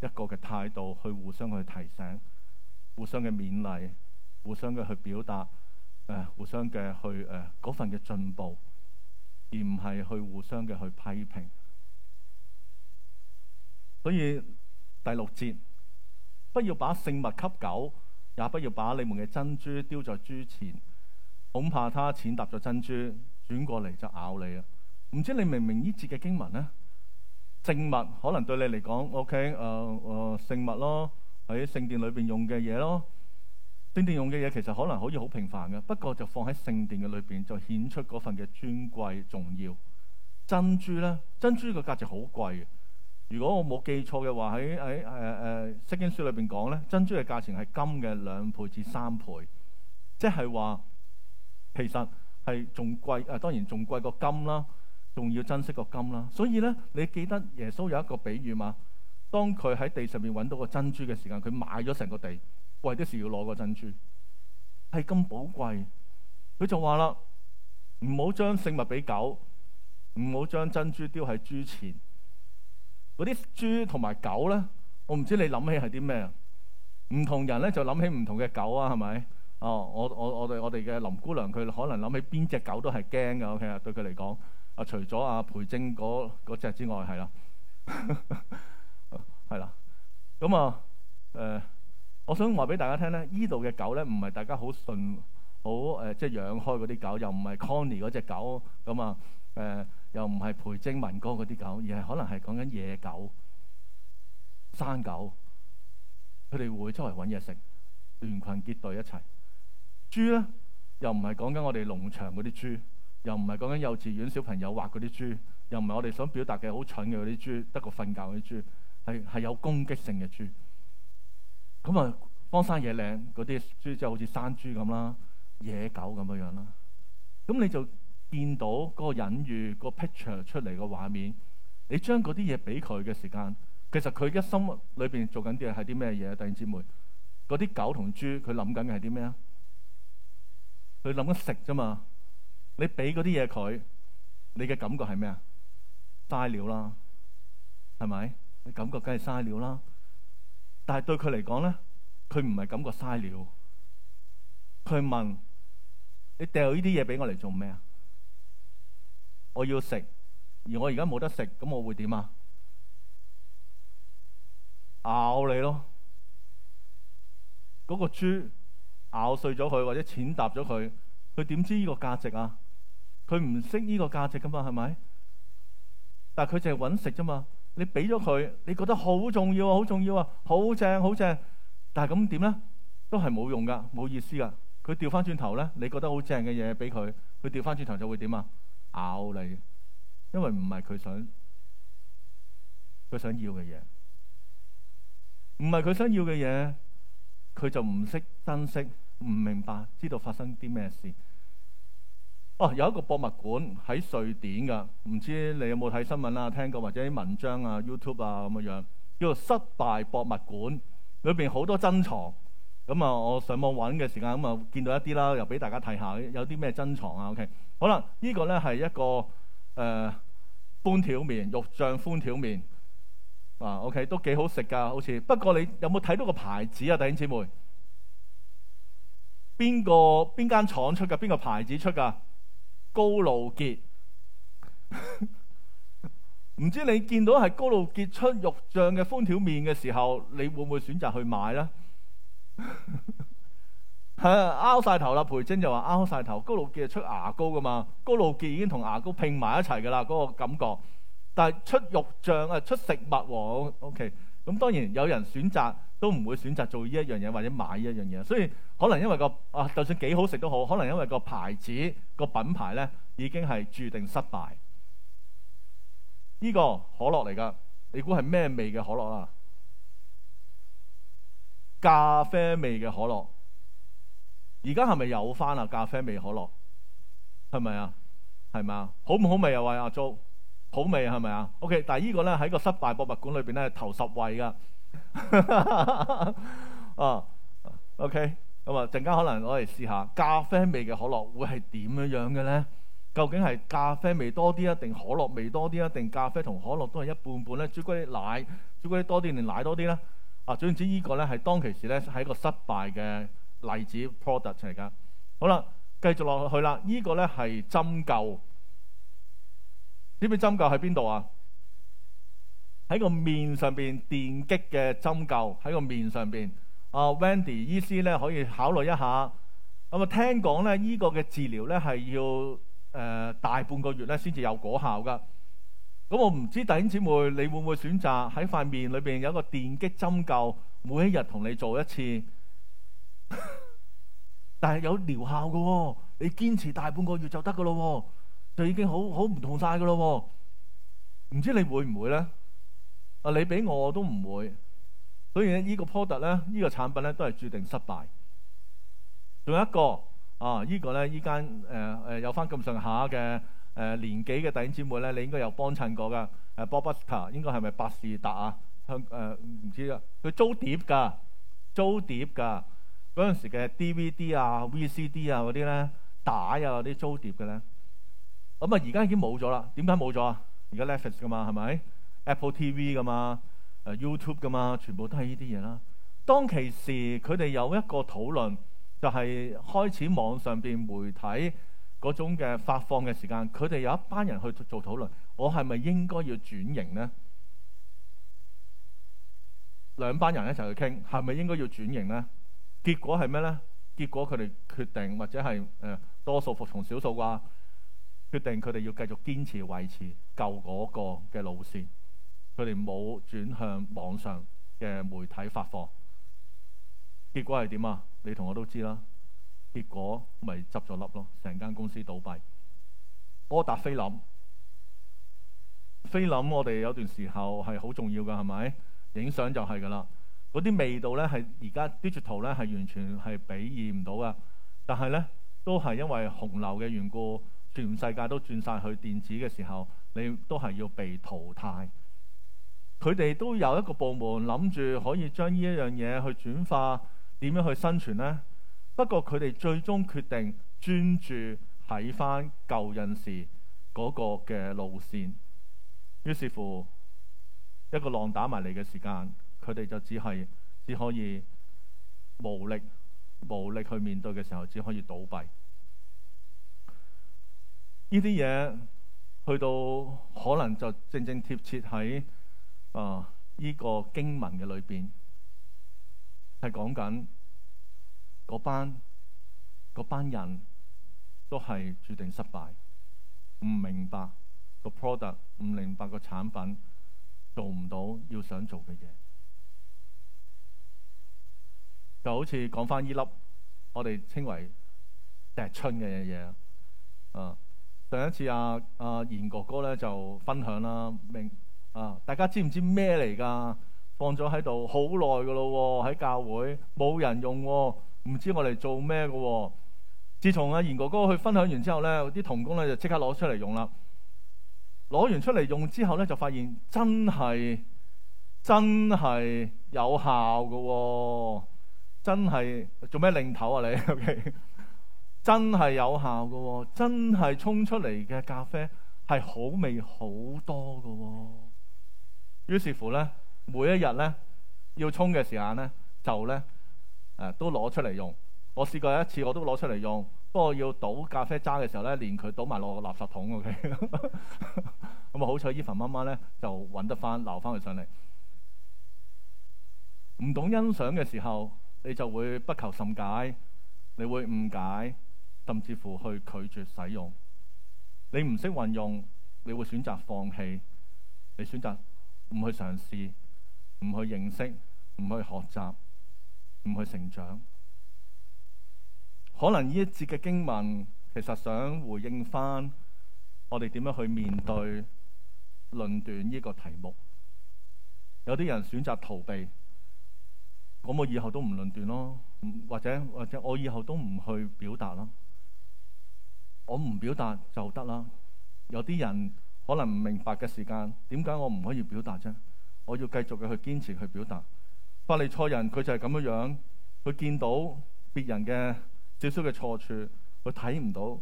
A: 一個嘅態度去互相去提醒，互相嘅勉勵，互相嘅去表達，誒、呃，互相嘅去誒、呃、嗰份嘅進步，而唔係去互相嘅去批評。所以第六節，不要把聖物給狗，也不要把你們嘅珍珠丟在豬前，恐怕他踐踏咗珍珠。轉過嚟，就咬你啊！唔知你明唔明呢節嘅經文咧，聖物可能對你嚟講，O K，誒誒聖物咯，喺聖殿裏邊用嘅嘢咯，聖殿用嘅嘢其實可能可以好平凡嘅，不過就放喺聖殿嘅裏邊就顯出嗰份嘅尊貴重要。珍珠咧，珍珠嘅價值好貴嘅。如果我冇記錯嘅話，喺喺誒誒《聖、呃、經書》裏邊講咧，珍珠嘅價錢係金嘅兩倍至三倍，即係話其實。係仲貴啊，當然仲貴過金啦，仲要珍惜個金啦。所以咧，你記得耶穌有一個比喻嘛？當佢喺地上面揾到個珍珠嘅時間，佢買咗成個地，為的是要攞個珍珠，係咁寶貴。佢就話啦：唔好將聖物俾狗，唔好將珍珠丟喺豬前。嗰啲豬同埋狗咧，我唔知你諗起係啲咩？唔同人咧就諗起唔同嘅狗啊，係咪？哦，我我我哋我哋嘅林姑娘，佢可能諗起邊隻狗都係驚㗎。其實對佢嚟講，啊，除咗阿、啊、培正嗰嗰隻之外，係啦，係啦。咁啊，誒、 <laughs> 啊啊呃，我想話俾大家聽咧，依度嘅狗咧，唔係大家好信好誒、呃，即係養開嗰啲狗，又唔係 Conny 嗰隻狗咁啊，誒、呃，又唔係培正文哥嗰啲狗，而係可能係講緊野狗、山狗，佢哋會出嚟揾嘢食，聯群結隊一齊。豬咧，又唔係講緊我哋農場嗰啲豬，又唔係講緊幼稚園小朋友畫嗰啲豬，又唔係我哋想表達嘅好蠢嘅嗰啲豬，得個瞓覺啲豬，係係有攻擊性嘅豬。咁啊，荒山野嶺嗰啲豬即係好似山豬咁啦，野狗咁嘅樣啦。咁你就見到嗰個隱喻、個 picture 出嚟個畫面，你將嗰啲嘢俾佢嘅時間，其實佢嘅心裏邊做緊啲係啲咩嘢啊？弟兄姊妹，嗰啲狗同豬佢諗緊嘅係啲咩啊？他佢諗緊食啫嘛，你俾嗰啲嘢佢，你嘅感覺係咩啊？嘥料啦，係咪？你感覺梗係嘥料啦。但係對佢嚟講咧，佢唔係感覺嘥料，佢問：你掉呢啲嘢俾我嚟做咩啊？我要食，而我而家冇得食，咁我會點啊？咬你咯！嗰個豬。咬碎咗佢，或者踐踏咗佢，佢點知呢個價值啊？佢唔識呢個價值噶嘛？係咪？但佢淨係揾食啫嘛。你俾咗佢，你覺得好重要啊，好重要啊，好正好正。但係咁點咧？都係冇用噶，冇意思噶。佢掉翻轉頭咧，你覺得好正嘅嘢俾佢，佢掉翻轉頭就會點啊？咬你，因為唔係佢想佢想要嘅嘢，唔係佢想要嘅嘢，佢就唔識珍惜。唔明白，知道發生啲咩事？哦、啊，有一個博物館喺瑞典噶，唔知你有冇睇新聞啊、聽過或者啲文章啊、YouTube 啊咁嘅樣。叫做失敗博物館，裏邊好多珍藏。咁啊，我上網揾嘅時間咁啊，見到一啲啦，又俾大家睇下，有啲咩珍藏啊？OK，好啦，這個、呢個咧係一個誒寬條麵肉醬寬條麵啊。OK，都幾好食噶，好似。不過你有冇睇到個牌子啊，弟兄姊妹？邊個邊間廠出噶？邊個牌子出噶？高露潔，唔 <laughs> 知你見到係高露潔出肉醬嘅寬條麵嘅時候，你會唔會選擇去買呢？ <laughs> 啊拗晒頭啦！培貞就話拗晒頭，高露潔係出牙膏噶嘛？高露潔已經同牙膏拼埋一齊噶啦，嗰、嗰個感覺。但係出肉醬啊，出食物喎 O K，咁當然有人選擇。都唔會選擇做呢一樣嘢或者買呢一樣嘢，所以可能因為個，啊就算幾好食都好，可能因為個牌子個品牌咧已經係註定失敗。呢個可樂嚟噶，你估係咩味嘅可樂啊？咖啡味嘅可樂，而家係咪有翻啊？咖啡味可樂，係咪啊？係咪啊？好唔好味？又話阿蘇好味係咪啊？OK，但係呢個咧喺個失敗博物館裏邊咧頭十位㗎。哦、 <laughs> 啊、，OK，咁啊陣間可能我嚟，試下咖啡味嘅可樂會係點樣嘅咧？究竟係咖啡味多啲啊，定可樂味多啲啊，定咖啡同可樂都係一半半咧？朱古力奶，朱古力多啲定奶多啲咧？啊，總之個呢個咧係當其時咧係一個失敗嘅例子 product 嚟噶。好啦，繼續落去啦，這個、呢個咧係針灸，呢邊針灸喺邊度啊？喺個面上邊電擊嘅針灸，喺個面上邊，阿、uh, Wendy 醫師咧可以考慮一下。咁啊，聽講咧呢個嘅治療咧係要誒、呃、大半個月咧先至有果效噶。咁我唔知弟兄姊妹你會唔會選擇喺塊面裏邊有一個電擊針灸，每一日同你做一次。 <laughs> 但係有療效噶、哦，你堅持大半個月就得噶咯，就已經好好唔同晒噶咯。唔知你會唔會咧？啊！你俾我都唔會，所以呢個 product 咧，呢、這個產品咧都係注定失敗。仲有一個啊，這個、呢個咧呢間誒誒有翻咁上下嘅誒、呃、年紀嘅弟兄姊妹咧，你應該有幫襯過噶。誒 Blockbuster 應該係咪百事達啊？香誒唔知啊，佢、呃、租碟噶，租碟噶。嗰陣時嘅 DVD 啊、VCD 啊嗰啲咧，打啊嗰啲租碟嘅咧。咁啊，而家已經冇咗啦。點解冇咗啊？而家 Netflix 噶嘛，係咪？Apple TV 㗎嘛，誒 YouTube 㗎嘛，全部都係呢啲嘢啦。當其時，佢哋有一個討論，就係、是、開始網上邊媒體嗰種嘅發放嘅時間。佢哋有一班人去做討論，我係咪應該要轉型呢？兩班人一齊去傾，係咪應該要轉型呢？結果係咩呢？結果佢哋決定，或者係誒、呃、多數服從少數啩、啊，決定佢哋要繼續堅持維持舊嗰個嘅路線。佢哋冇轉向網上嘅媒體發貨，結果係點啊？你同我都知啦。結果咪執咗粒咯，成間公司倒閉。柯達、菲林、菲林，我哋有段時候係好重要㗎，係咪影相就係噶啦？嗰啲味道咧係而家 digital 咧係完全係比擬唔到噶。但係咧都係因為洪流嘅緣故，全世界都轉晒去電子嘅時候，你都係要被淘汰。佢哋都有一個部門諗住可以將呢一樣嘢去轉化，點樣去生存呢？不過佢哋最終決定專注喺翻舊印時嗰個嘅路線，於是乎一個浪打埋嚟嘅時間，佢哋就只係只可以無力無力去面對嘅時候，只可以倒閉。呢啲嘢去到可能就正正貼切喺。啊！依個經文嘅裏邊係講緊嗰班班人，都係注定失敗，唔明白個 product，唔明白個產品，做唔到要想做嘅嘢。就好似講翻依粒我哋稱為石春嘅嘢。啊，上一次阿阿賢哥哥咧就分享啦，明。啊！大家知唔知咩嚟噶？放咗喺度好耐噶咯喎，喺教會冇人用，唔知我嚟做咩喎。自從阿賢哥哥去分享完之後咧，啲同工咧就即刻攞出嚟用啦。攞完出嚟用之後咧，就發現真係真係有效喎。真係做咩擰頭啊你？你 <laughs> 真係有效喎。真係沖出嚟嘅咖啡係好味好多噶。於是乎咧，每一日咧要沖嘅時間咧，就咧誒、啊、都攞出嚟用。我試過有一次，我都攞出嚟用。不過要倒咖啡渣嘅時候咧，連佢倒埋落個垃圾桶嗰度。咁啊，好彩呢凡媽媽咧就揾得翻，留翻佢上嚟。唔懂欣賞嘅時候，你就會不求甚解，你會誤解，甚至乎去拒絕使用。你唔識運用，你會選擇放棄，你選擇。唔去嘗試，唔去認識，唔去學習，唔去成長。可能呢一節嘅經文，其實想回應翻我哋點樣去面對論斷呢個題目。有啲人選擇逃避，咁我以後都唔論斷咯，或者或者我以後都唔去表達咯。我唔表達就得啦。有啲人。可能唔明白嘅時間，點解我唔可以表達啫？我要繼續嘅去堅持去表達。法利賽人，佢就係咁樣樣。佢見到別人嘅少少嘅錯處，佢睇唔到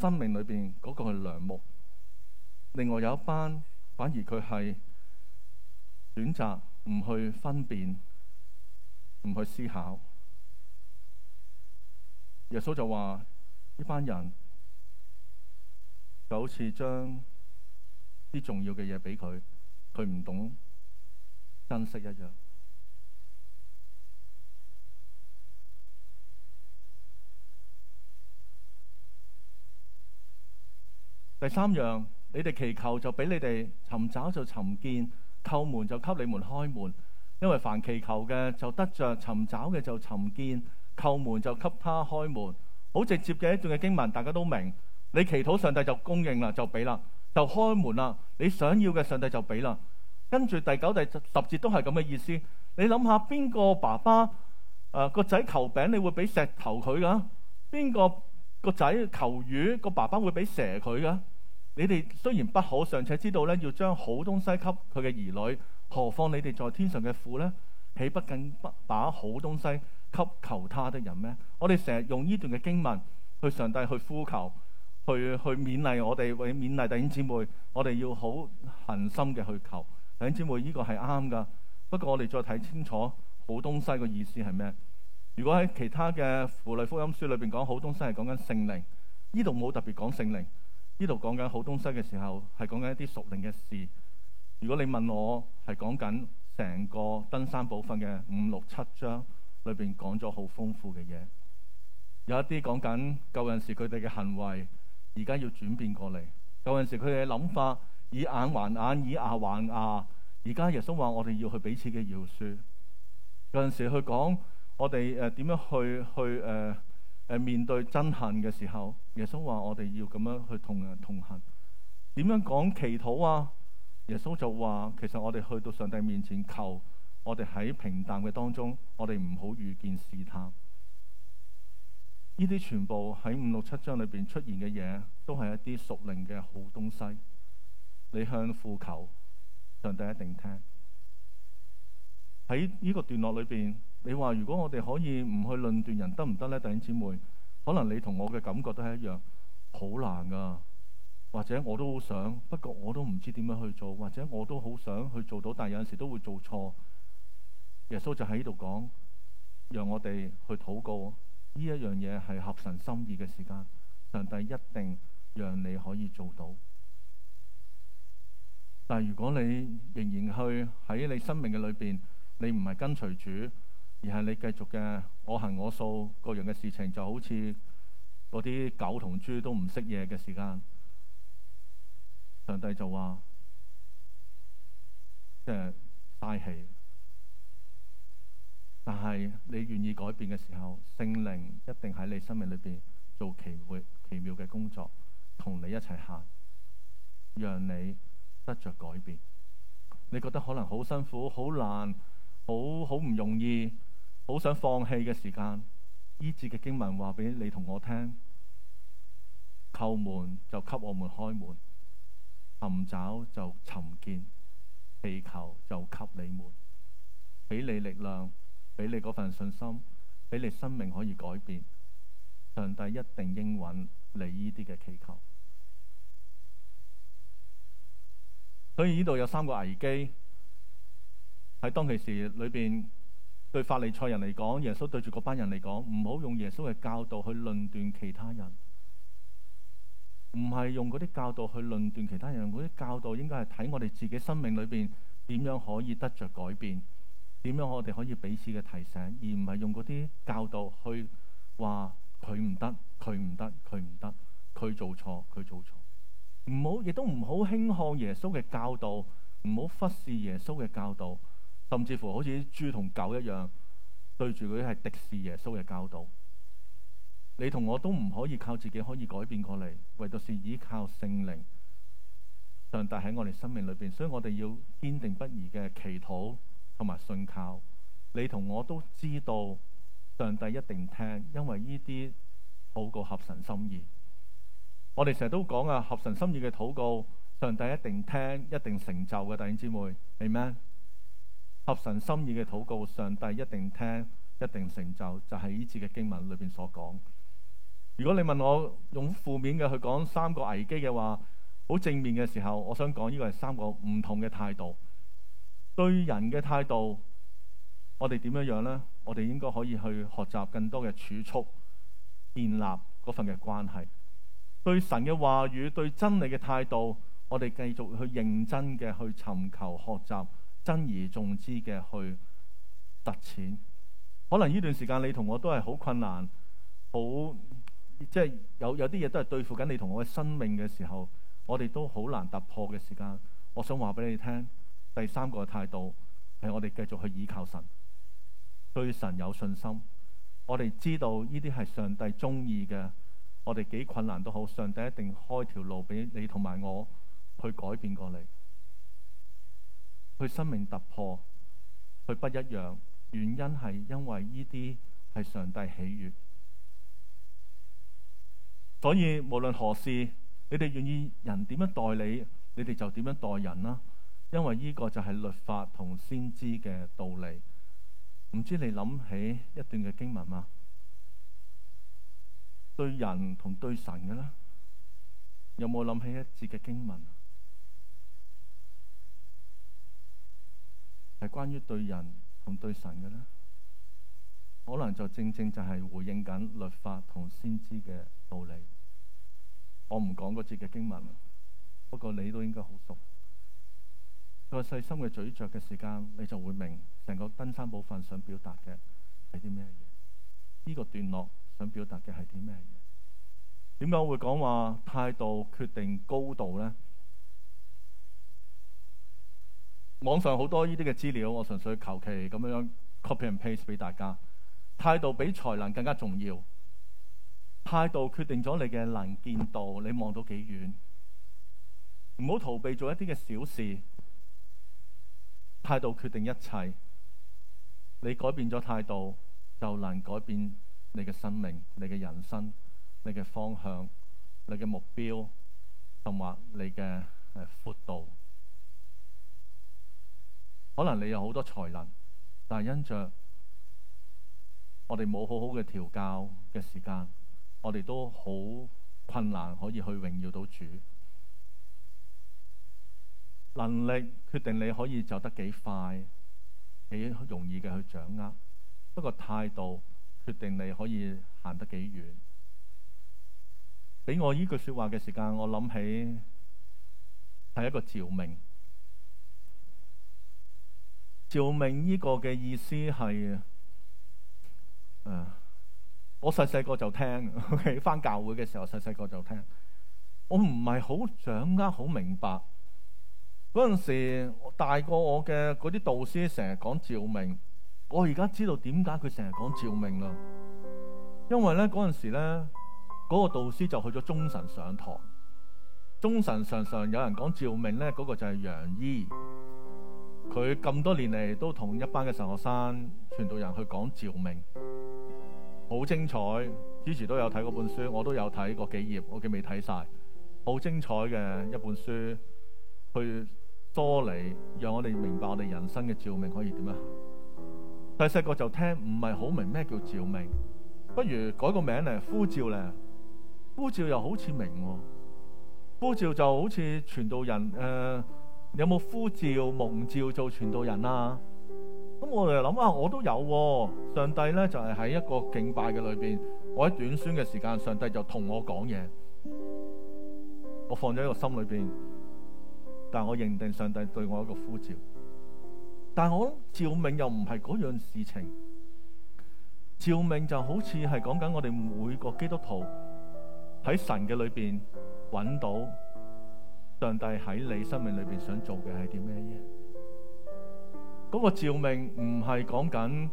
A: 生命裏邊嗰個是梁木。另外有一班，反而佢係選擇唔去分辨，唔去思考。耶穌就話：呢班人就好似將。啲重要嘅嘢俾佢，佢唔懂珍惜一樣。第三樣，你哋祈求就俾你哋，尋找就尋見，叩門就給你們開門，因為凡祈求嘅就得着，尋找嘅就尋見，叩門就給他開門。好直接嘅一段嘅經文，大家都明。你祈禱上帝就供應啦，就俾啦。就開門啦！你想要嘅上帝就俾啦。跟住第九、第十節都係咁嘅意思。你諗下，邊個爸爸？誒、呃，個仔求餅，你會俾石頭佢噶？邊個個仔求魚，個爸爸會俾蛇佢噶？你哋雖然不好，尚且知道呢，要將好東西給佢嘅兒女。何況你哋在天上嘅父呢，豈不更把好東西給求他的人咩？我哋成日用呢段嘅經文去上帝去呼求。去去勉勵我哋，為勉勵弟兄姊妹，我哋要好恆心嘅去求弟兄姊妹。呢個係啱㗎，不過我哋再睇清楚好東西嘅意思係咩？如果喺其他嘅符類福音書裏面講好東西係講緊聖靈，呢度冇特別講聖靈，呢度講緊好東西嘅時候係講緊一啲屬靈嘅事。如果你問我，係講緊成個登山寶訓嘅五六七章裏面講咗好豐富嘅嘢，有一啲講緊舊陣時佢哋嘅行為。而家要轉變過嚟，有陣時佢哋嘅諗法以眼還眼，以牙還牙。而家耶穌話我哋要去彼此嘅饒恕。有陣時去講我哋誒點樣去去誒誒、呃、面對憎恨嘅時候，耶穌話我哋要咁樣去同同行。點樣講祈禱啊？耶穌就話其實我哋去到上帝面前求，我哋喺平淡嘅當中，我哋唔好遇見試探。呢啲全部喺五六七章裏邊出現嘅嘢，都係一啲屬靈嘅好東西。你向父求，上帝一定聽。喺呢個段落裏邊，你話如果我哋可以唔去論斷人得唔得呢？弟兄姊妹，可能你同我嘅感覺都係一樣，好難噶、啊。或者我都好想，不過我都唔知點樣去做，或者我都好想去做到，但有陣時都會做錯。耶穌就喺呢度講，讓我哋去禱告。呢一樣嘢係合神心意嘅時間，上帝一定讓你可以做到。但如果你仍然去喺你生命嘅裏面，你唔係跟隨主，而係你繼續嘅我行我素，各樣嘅事情就好似嗰啲狗同豬都唔識嘢嘅時間，上帝就話：即係，嘥氣。但係你願意改變嘅時候，聖靈一定喺你生命裏邊做奇妙奇妙嘅工作，同你一齊行，讓你得着改變。你覺得可能好辛苦，好難，好好唔容易，好想放棄嘅時間，醫治嘅經文話俾你同我聽，叩門就給我們開門，尋找就尋見，祈求就給你們，俾你力量。俾你嗰份信心，俾你生命可以改變，上帝一定應允你依啲嘅祈求。所以呢度有三個危機喺當其時裏邊，對法利賽人嚟講，耶穌對住嗰班人嚟講，唔好用耶穌嘅教導去論斷其他人，唔係用嗰啲教導去論斷其他人。嗰啲教導應該係睇我哋自己生命裏面點樣可以得着改變。點樣我哋可以彼此嘅提醒，而唔係用嗰啲教導去話佢唔得，佢唔得，佢唔得，佢做錯，佢做錯。唔好，亦都唔好輕看耶穌嘅教導，唔好忽視耶穌嘅教導，甚至乎好似豬同狗一樣對住佢係敵視耶穌嘅教導。你同我都唔可以靠自己可以改變過嚟，唯獨是依靠聖靈上帝喺我哋生命裏邊，所以我哋要堅定不移嘅祈禱。同埋信靠，你同我都知道上帝一定聽，因為呢啲禱告合神心意。我哋成日都講啊，合神心意嘅禱告，上帝一定聽，一定成就嘅，弟兄姊妹，係咩？合神心意嘅禱告，上帝一定聽，一定成就，就係呢次嘅經文裏邊所講。如果你問我用負面嘅去講三個危機嘅話，好正面嘅時候，我想講呢個係三個唔同嘅態度。對人嘅態度，我哋點樣樣呢？我哋應該可以去學習更多嘅儲蓄，建立嗰份嘅關係。對神嘅話語、對真理嘅態度，我哋繼續去認真嘅去尋求學習真而重之嘅去突錢。可能呢段時間你同我都係好困難，好即係有有啲嘢都係對付緊你同我嘅生命嘅時候，我哋都好難突破嘅時間。我想話俾你聽。第三個態度係我哋繼續去倚靠神，對神有信心。我哋知道呢啲係上帝鍾意嘅。我哋幾困難都好，上帝一定開條路俾你同埋我去改變過嚟，去生命突破，去不一樣。原因係因為呢啲係上帝喜悅。所以無論何事，你哋願意人點樣待你，你哋就點樣待人啦，啊。因為呢個就係律法同先知嘅道理，唔知你諗起一段嘅經文嗎？對人同對神嘅啦，有冇諗起一節嘅經文？係關於對人同對神嘅啦，可能就正正就係回應緊律法同先知嘅道理。我唔講嗰節嘅經文，不過你都應該好熟。個細心嘅咀嚼嘅時間，你就會明成個登山部分想表達嘅係啲咩嘢？呢、這個段落想表達嘅係啲咩嘢？點解我會講話態度決定高度呢？網上好多呢啲嘅資料，我純粹求其咁樣 copy and paste 俾大家。態度比才能更加重要。態度決定咗你嘅能見度，你望到幾遠？唔好逃避做一啲嘅小事。態度決定一切。你改變咗態度，就能改變你嘅生命、你嘅人生、你嘅方向、你嘅目標同埋你嘅誒闊度。可能你有好多才能，但係因着我哋冇好好嘅調教嘅時間，我哋都好困難可以去榮耀到主。能力決定你可以走得幾快，幾容易嘅去掌握。不過態度決定你可以行得幾遠。俾我依句說話嘅時間，我諗起係一個趙明。趙明呢個嘅意思係誒，我細細個就聽喺翻教會嘅時候，細細個,個細細個就,聽細細個就聽，我唔係好掌握，好明白。嗰陣時，大過我嘅嗰啲導師成日講召命，我而家知道點解佢成日講召命啦。因為呢嗰陣時呢，嗰、嗰個導師就去咗中神上堂，中神常常有人講召命呢，嗰、嗰個就係楊醫。佢咁多年嚟都同一班嘅神學生、傳道人去講召命，好精彩。之前都有睇過本書，我都有睇過幾頁，我幾未睇晒。好精彩嘅一本書，去。多嚟，讓我哋明白我哋人生嘅照明可以點樣？第細個就聽唔係好明咩叫照明，不如改個名嚟呼召咧。呼召又好似明、哦，呼召就好似傳道人。誒、呃，有冇呼召、蒙召做傳道人啊？咁我哋又諗下我都有、哦。上帝咧就係、是、喺一個敬拜嘅裏邊，我喺短宣嘅時間，上帝就同我講嘢，我放咗喺個心裏邊。但我認定上帝對我一個呼召，但我諗，召命又唔係嗰樣事情。召命就好似係講緊我哋每個基督徒喺神嘅裏邊揾到上帝喺你生命裏邊想做嘅係啲咩嘢？嗰個召命唔係講緊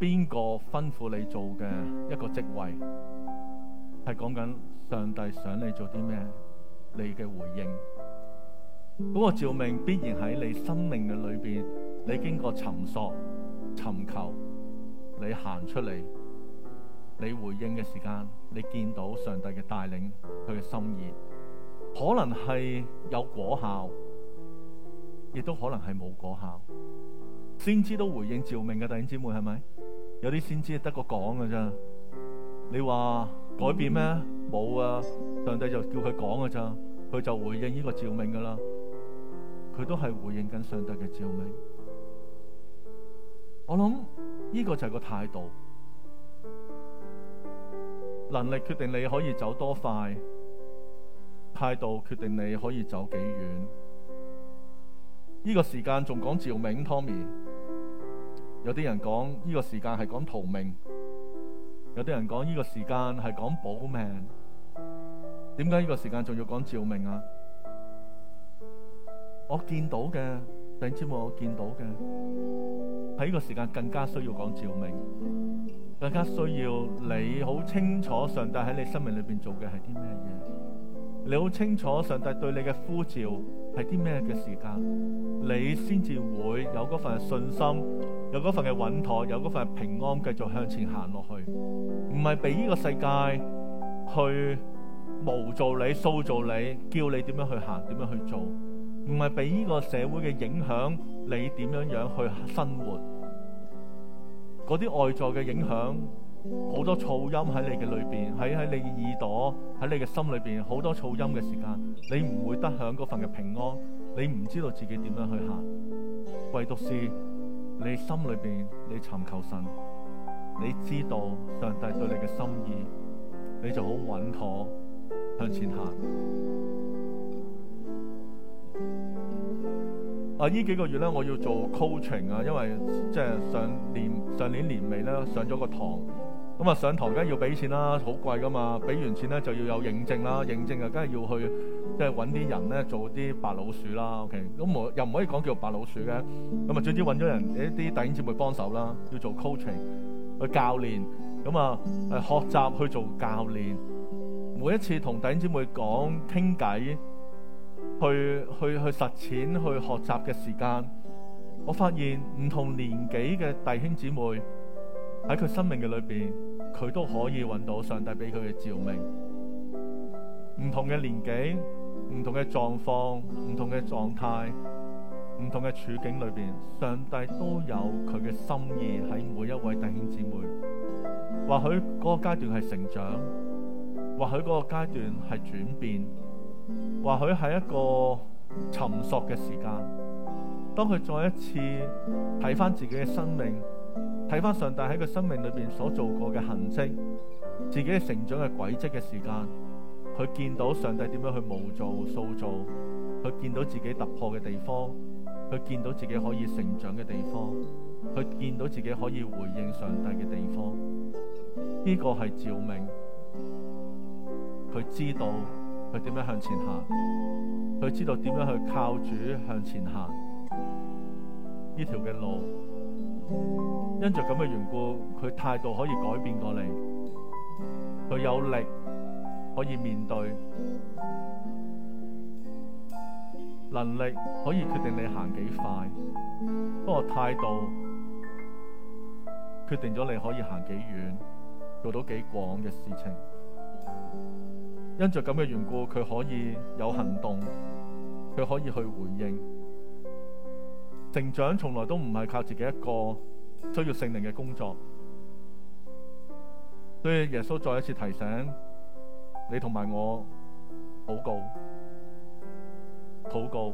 A: 邊個吩咐你做嘅一個職位，係講緊上帝想你做啲咩，你嘅回應。嗰、那個召命必然喺你生命嘅裏面。你經過尋索、尋求，你行出嚟，你回應嘅時間，你見到上帝嘅帶領，佢嘅心意，可能係有果效，亦都可能係冇果效，先知都回應召命嘅弟兄姊妹係咪？有啲先知得個講嘅啫。你話改變咩？冇、嗯、啊！上帝就叫佢講嘅咋，佢就回應呢個召命嘅啦。佢都係回應緊上帝嘅召命，我諗呢個就係個態度，能力決定你可以走多快，態度決定你可以走幾遠。呢個時間仲講召命，Tommy，有啲人講呢個時間係講逃命，有啲人講呢個時間係講保命，點解呢個時間仲要講召命啊？我見到嘅，等於，我見到嘅喺呢個時間更加需要講照明，更加需要你好清楚上帝喺你生命裏面做嘅係啲咩嘢，你好清楚上帝對你嘅呼召係啲咩嘅時間，你先至會有嗰份信心，有嗰份嘅穩妥，有嗰份嘅平安，繼續向前行落去，唔係俾呢個世界去模造你、塑造你、叫你點樣去行、點樣去做。唔係俾呢個社會嘅影響，你點樣樣去生活？嗰啲外在嘅影響，好多噪音喺你嘅裏邊，喺，喺你嘅耳朵，喺你嘅心裏邊，好多噪音嘅時間，你唔會得享嗰份嘅平安，你唔知道自己點樣去行。唯獨是你心裏邊，你尋求神，你知道上帝對你嘅心意，你就好穩妥向前行。啊！呢幾個月咧，我要做 coaching 啊，因為即係上年上年年尾咧上咗個堂，咁啊上堂梗係要俾錢啦，好貴㗎嘛，俾完錢咧就要有認證啦，認證啊梗係要去即係揾啲人咧做啲白老鼠啦，OK，咁又唔可以講叫做白老鼠嘅，咁啊總之揾咗人一啲弟兄姊妹幫手啦，要做 coaching，去教練，咁啊學習去做教練，每一次同弟兄姊妹講傾偈。去去去實踐去學習嘅時間，我發現唔同年紀嘅弟兄姊妹喺佢生命嘅裏邊，佢都可以揾到上帝俾佢嘅照明。唔同嘅年紀、唔同嘅狀況、唔同嘅狀態、唔同嘅處境裏邊，上帝都有佢嘅心意喺每一位弟兄姊妹。或許嗰個階段係成長，或許嗰個階段係轉變。或許係一個尋索嘅時間，當佢再一次睇返自己嘅生命，睇返上帝喺佢生命裏邊所做過嘅痕跡，自己嘅成長嘅軌跡嘅時間，佢見到上帝點樣去模造塑造，佢見到自己突破嘅地方，佢見到自己可以成長嘅地方，佢見到自己可以回應上帝嘅地方，呢、這個係召命，佢知道。佢點樣向前行？佢知道點樣去靠主向前行呢條嘅路。因着咁嘅緣故，佢態度可以改變過嚟，佢有力可以面對，能力可以決定你行幾快。不過態度決定咗你可以行幾遠，做到幾廣嘅事情。因着咁嘅緣故，佢可以有行動，佢可以去回應。成長，從來都唔係靠自己一個，需要聖靈嘅工作。所以耶穌再一次提醒你同埋我，禱告，禱告，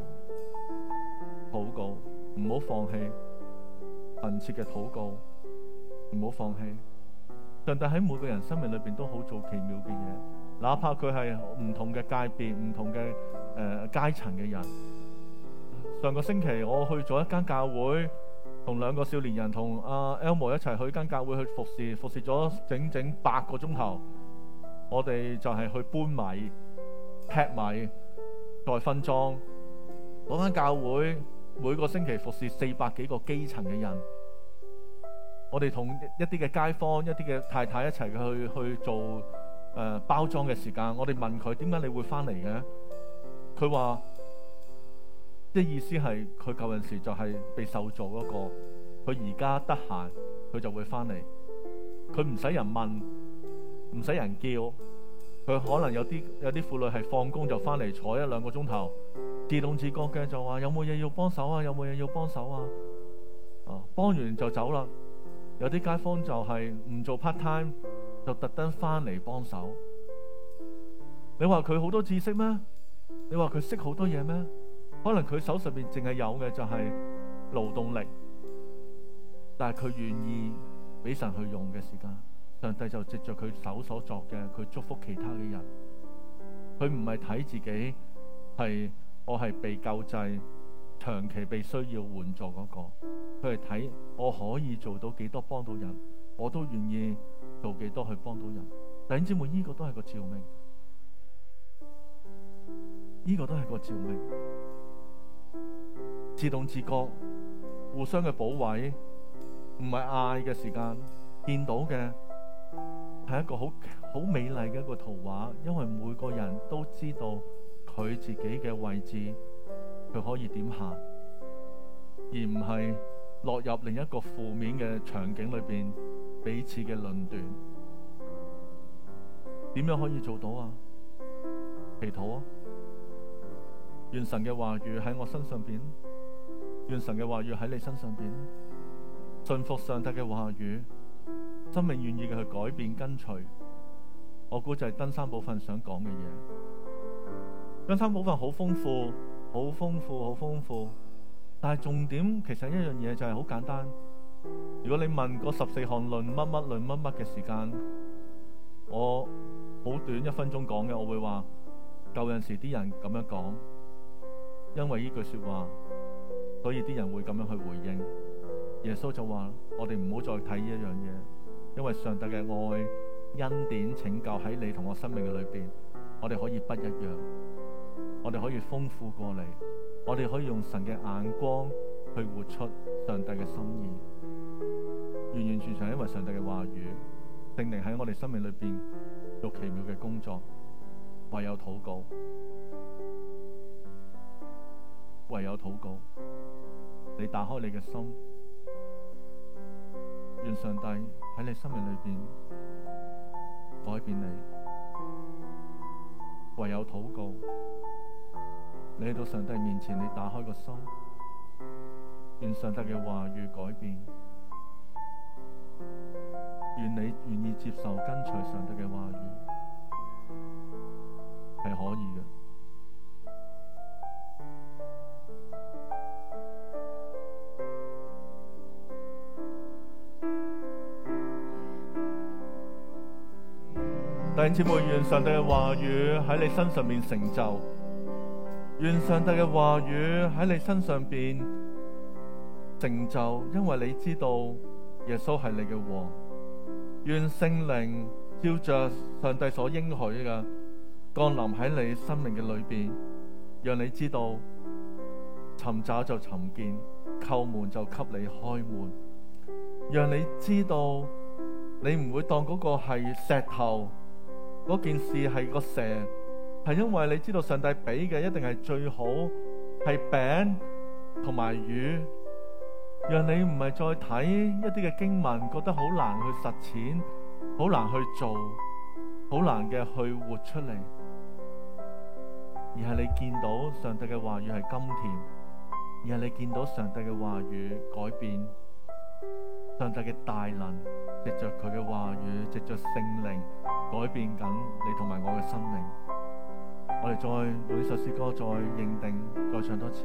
A: 禱告，唔好放棄，懇切嘅禱告，唔好放棄。上帝喺每個人生命裏邊都好做奇妙嘅嘢。哪怕佢係唔同嘅界別、唔同嘅誒、呃、階層嘅人。上個星期我去咗一間教會，同兩個少年人同阿、啊、Elmo 一齊去間教會去服侍。服侍咗整整八個鐘頭。我哋就係去搬米、劈米、再分裝。嗰間教會每個星期服侍四百幾個基層嘅人。我哋同一啲嘅街坊、一啲嘅太太一齊去去做。誒、呃、包裝嘅時間，我哋問佢點解你會翻嚟嘅？佢話，即意思係佢舊陣時就係被受助嗰、那個，佢而家得閒，佢就會翻嚟。佢唔使人問，唔使人叫，佢可能有啲有啲婦女係放工就翻嚟坐一兩個鐘頭，自動自覺嘅就話有冇嘢要幫手啊？有冇嘢要幫手啊？啊，幫完就走啦。有啲街坊就係唔做 part time。就特登翻嚟幫手。你話佢好多知識咩？你話佢識好多嘢咩？可能佢手上面淨係有嘅就係勞動力，但係佢願意俾神去用嘅時間。上帝就藉著佢手所作嘅，佢祝福其他嘅人。佢唔係睇自己係我係被救濟，長期被需要援助嗰個。佢係睇我可以做到幾多，幫到人我都願意。做幾多去幫到人？弟兄姊妹，呢個都係個照明，呢個都係個照明，自動自覺，互相嘅補位，唔係嗌嘅時間，見到嘅係一個好好美麗嘅一個圖畫，因為每個人都知道佢自己嘅位置，佢可以點行，而唔係落入另一個負面嘅場景裏邊。彼此嘅論斷，點樣可以做到啊？祈禱啊！願神嘅話語喺我身上邊，願神嘅話語喺你身上邊，順服上帝嘅話語，生命願意嘅去改變跟隨。我估就係登山寶訓想講嘅嘢。登山寶訓好豐富，好豐富，好豐富。但係重點其實一樣嘢就係好簡單。如果你問嗰十四項論乜乜論乜乜嘅時間，我好短一分鐘講嘅。我會話舊陣時啲人咁樣講，因為呢句說話，所以啲人會咁樣去回應。耶穌就話：我哋唔好再睇呢一樣嘢，因為上帝嘅愛恩典拯救喺你同我生命嘅裏邊，我哋可以不一樣，我哋可以豐富過嚟，我哋可以用神嘅眼光去活出上帝嘅心意。完完全全係因為上帝嘅話語定定喺我哋生命裏面做奇妙嘅工作。唯有禱告，唯有禱告，你打開你嘅心，讓上帝喺你生命裏面改變你。唯有禱告，你去到上帝面前，你打開個心，讓上帝嘅話語改變。願你願意接受跟隨上帝嘅話語係可以嘅。弟兄姊妹，願上帝嘅話語喺你身上面成就。願上帝嘅話語喺你身上邊成就，因為你知道耶穌係你嘅王。願聖靈照着上帝所應許嘅降臨喺你生命嘅裏邊，讓你知道尋找就尋見，叩門就給你開門，讓你知道你唔會當嗰個係石頭，嗰件事係個蛇，係因為你知道上帝俾嘅一定係最好，係餅同埋魚。讓你唔係再睇一啲嘅經文，覺得好難去實踐，好難去做，好難嘅去活出嚟，而係你見到上帝嘅話語係甘甜，而係你見到上帝嘅話語改變，上帝嘅大能藉著佢嘅話語，藉著聖靈改變緊你同埋我嘅生命。我哋再用呢首詩歌，再認定，再唱多次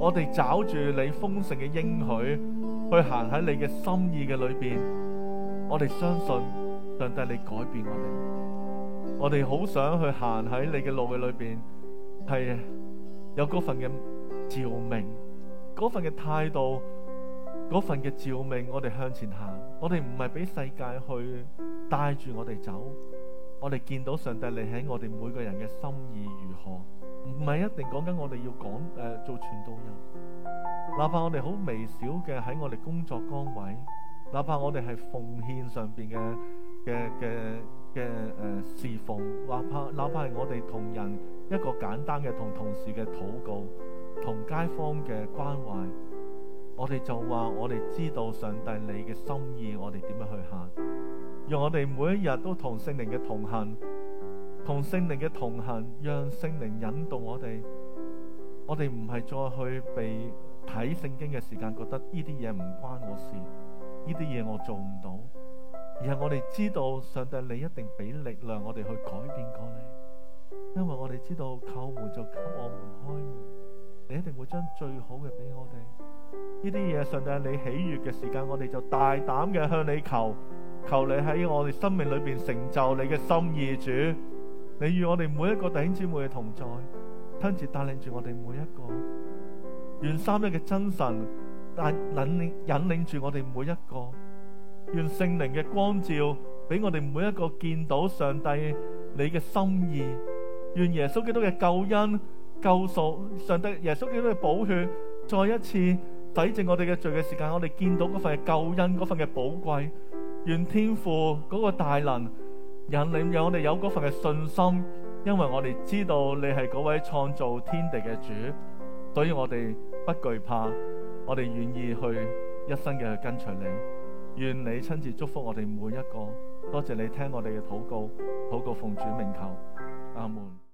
A: 我哋找住你豐盛嘅應許，去行喺你嘅心意嘅裏邊。我哋相信上帝，你改變我哋。我哋好想去行喺你嘅路嘅裏邊，係有嗰份嘅照明，嗰份嘅態度，嗰份嘅照明，我哋向前行。我哋唔係俾世界去帶住我哋走。我哋見到上帝，你喺我哋每個人嘅心意如何？唔係一定講緊我哋要講誒、呃、做傳道人，哪怕我哋好微小嘅，喺我哋工作崗位，哪怕我哋係奉獻上面嘅嘅嘅嘅誒侍奉，哪怕哪怕係我哋同人一個簡單嘅同同事嘅禱告，同街坊嘅關懷，我哋就話我哋知道上帝你嘅心意，我哋點樣去行，讓我哋每一日都同聖靈嘅同行。同聖靈嘅同行，讓聖靈引導我哋。我哋唔係再去被睇聖經嘅時間，覺得呢啲嘢唔關我事，呢啲嘢我做唔到，而係我哋知道上帝你一定俾力量我哋去改變過嚟。
B: 因為
A: 我哋知道叩門就給我們開門，你一定會將最好嘅俾我哋呢啲嘢。上帝你喜悅嘅時間，我哋就大膽嘅向你求，求你喺我哋生命裏邊成就你嘅心意，主。你與我哋每一個弟兄姊妹嘅同在，親自帶領住我哋每一個，願三一嘅真神帶引領引領住我哋每一個，願聖靈嘅光照俾我哋每一個見到上帝你嘅心意，願耶穌基督嘅救恩救贖，上帝耶穌基督嘅寶血再一次抵淨我哋嘅罪嘅時間，我哋見到嗰份嘅救恩，嗰份嘅寶貴，願天父嗰個大能。引領讓我哋有嗰份嘅信心，因為我哋知道你係嗰位創造天地嘅主，所以我哋不懼怕，我哋願意去一生嘅去跟隨你。願你親自祝福我哋每一個。多謝你聽我哋嘅禱告，禱告奉主名求，阿門。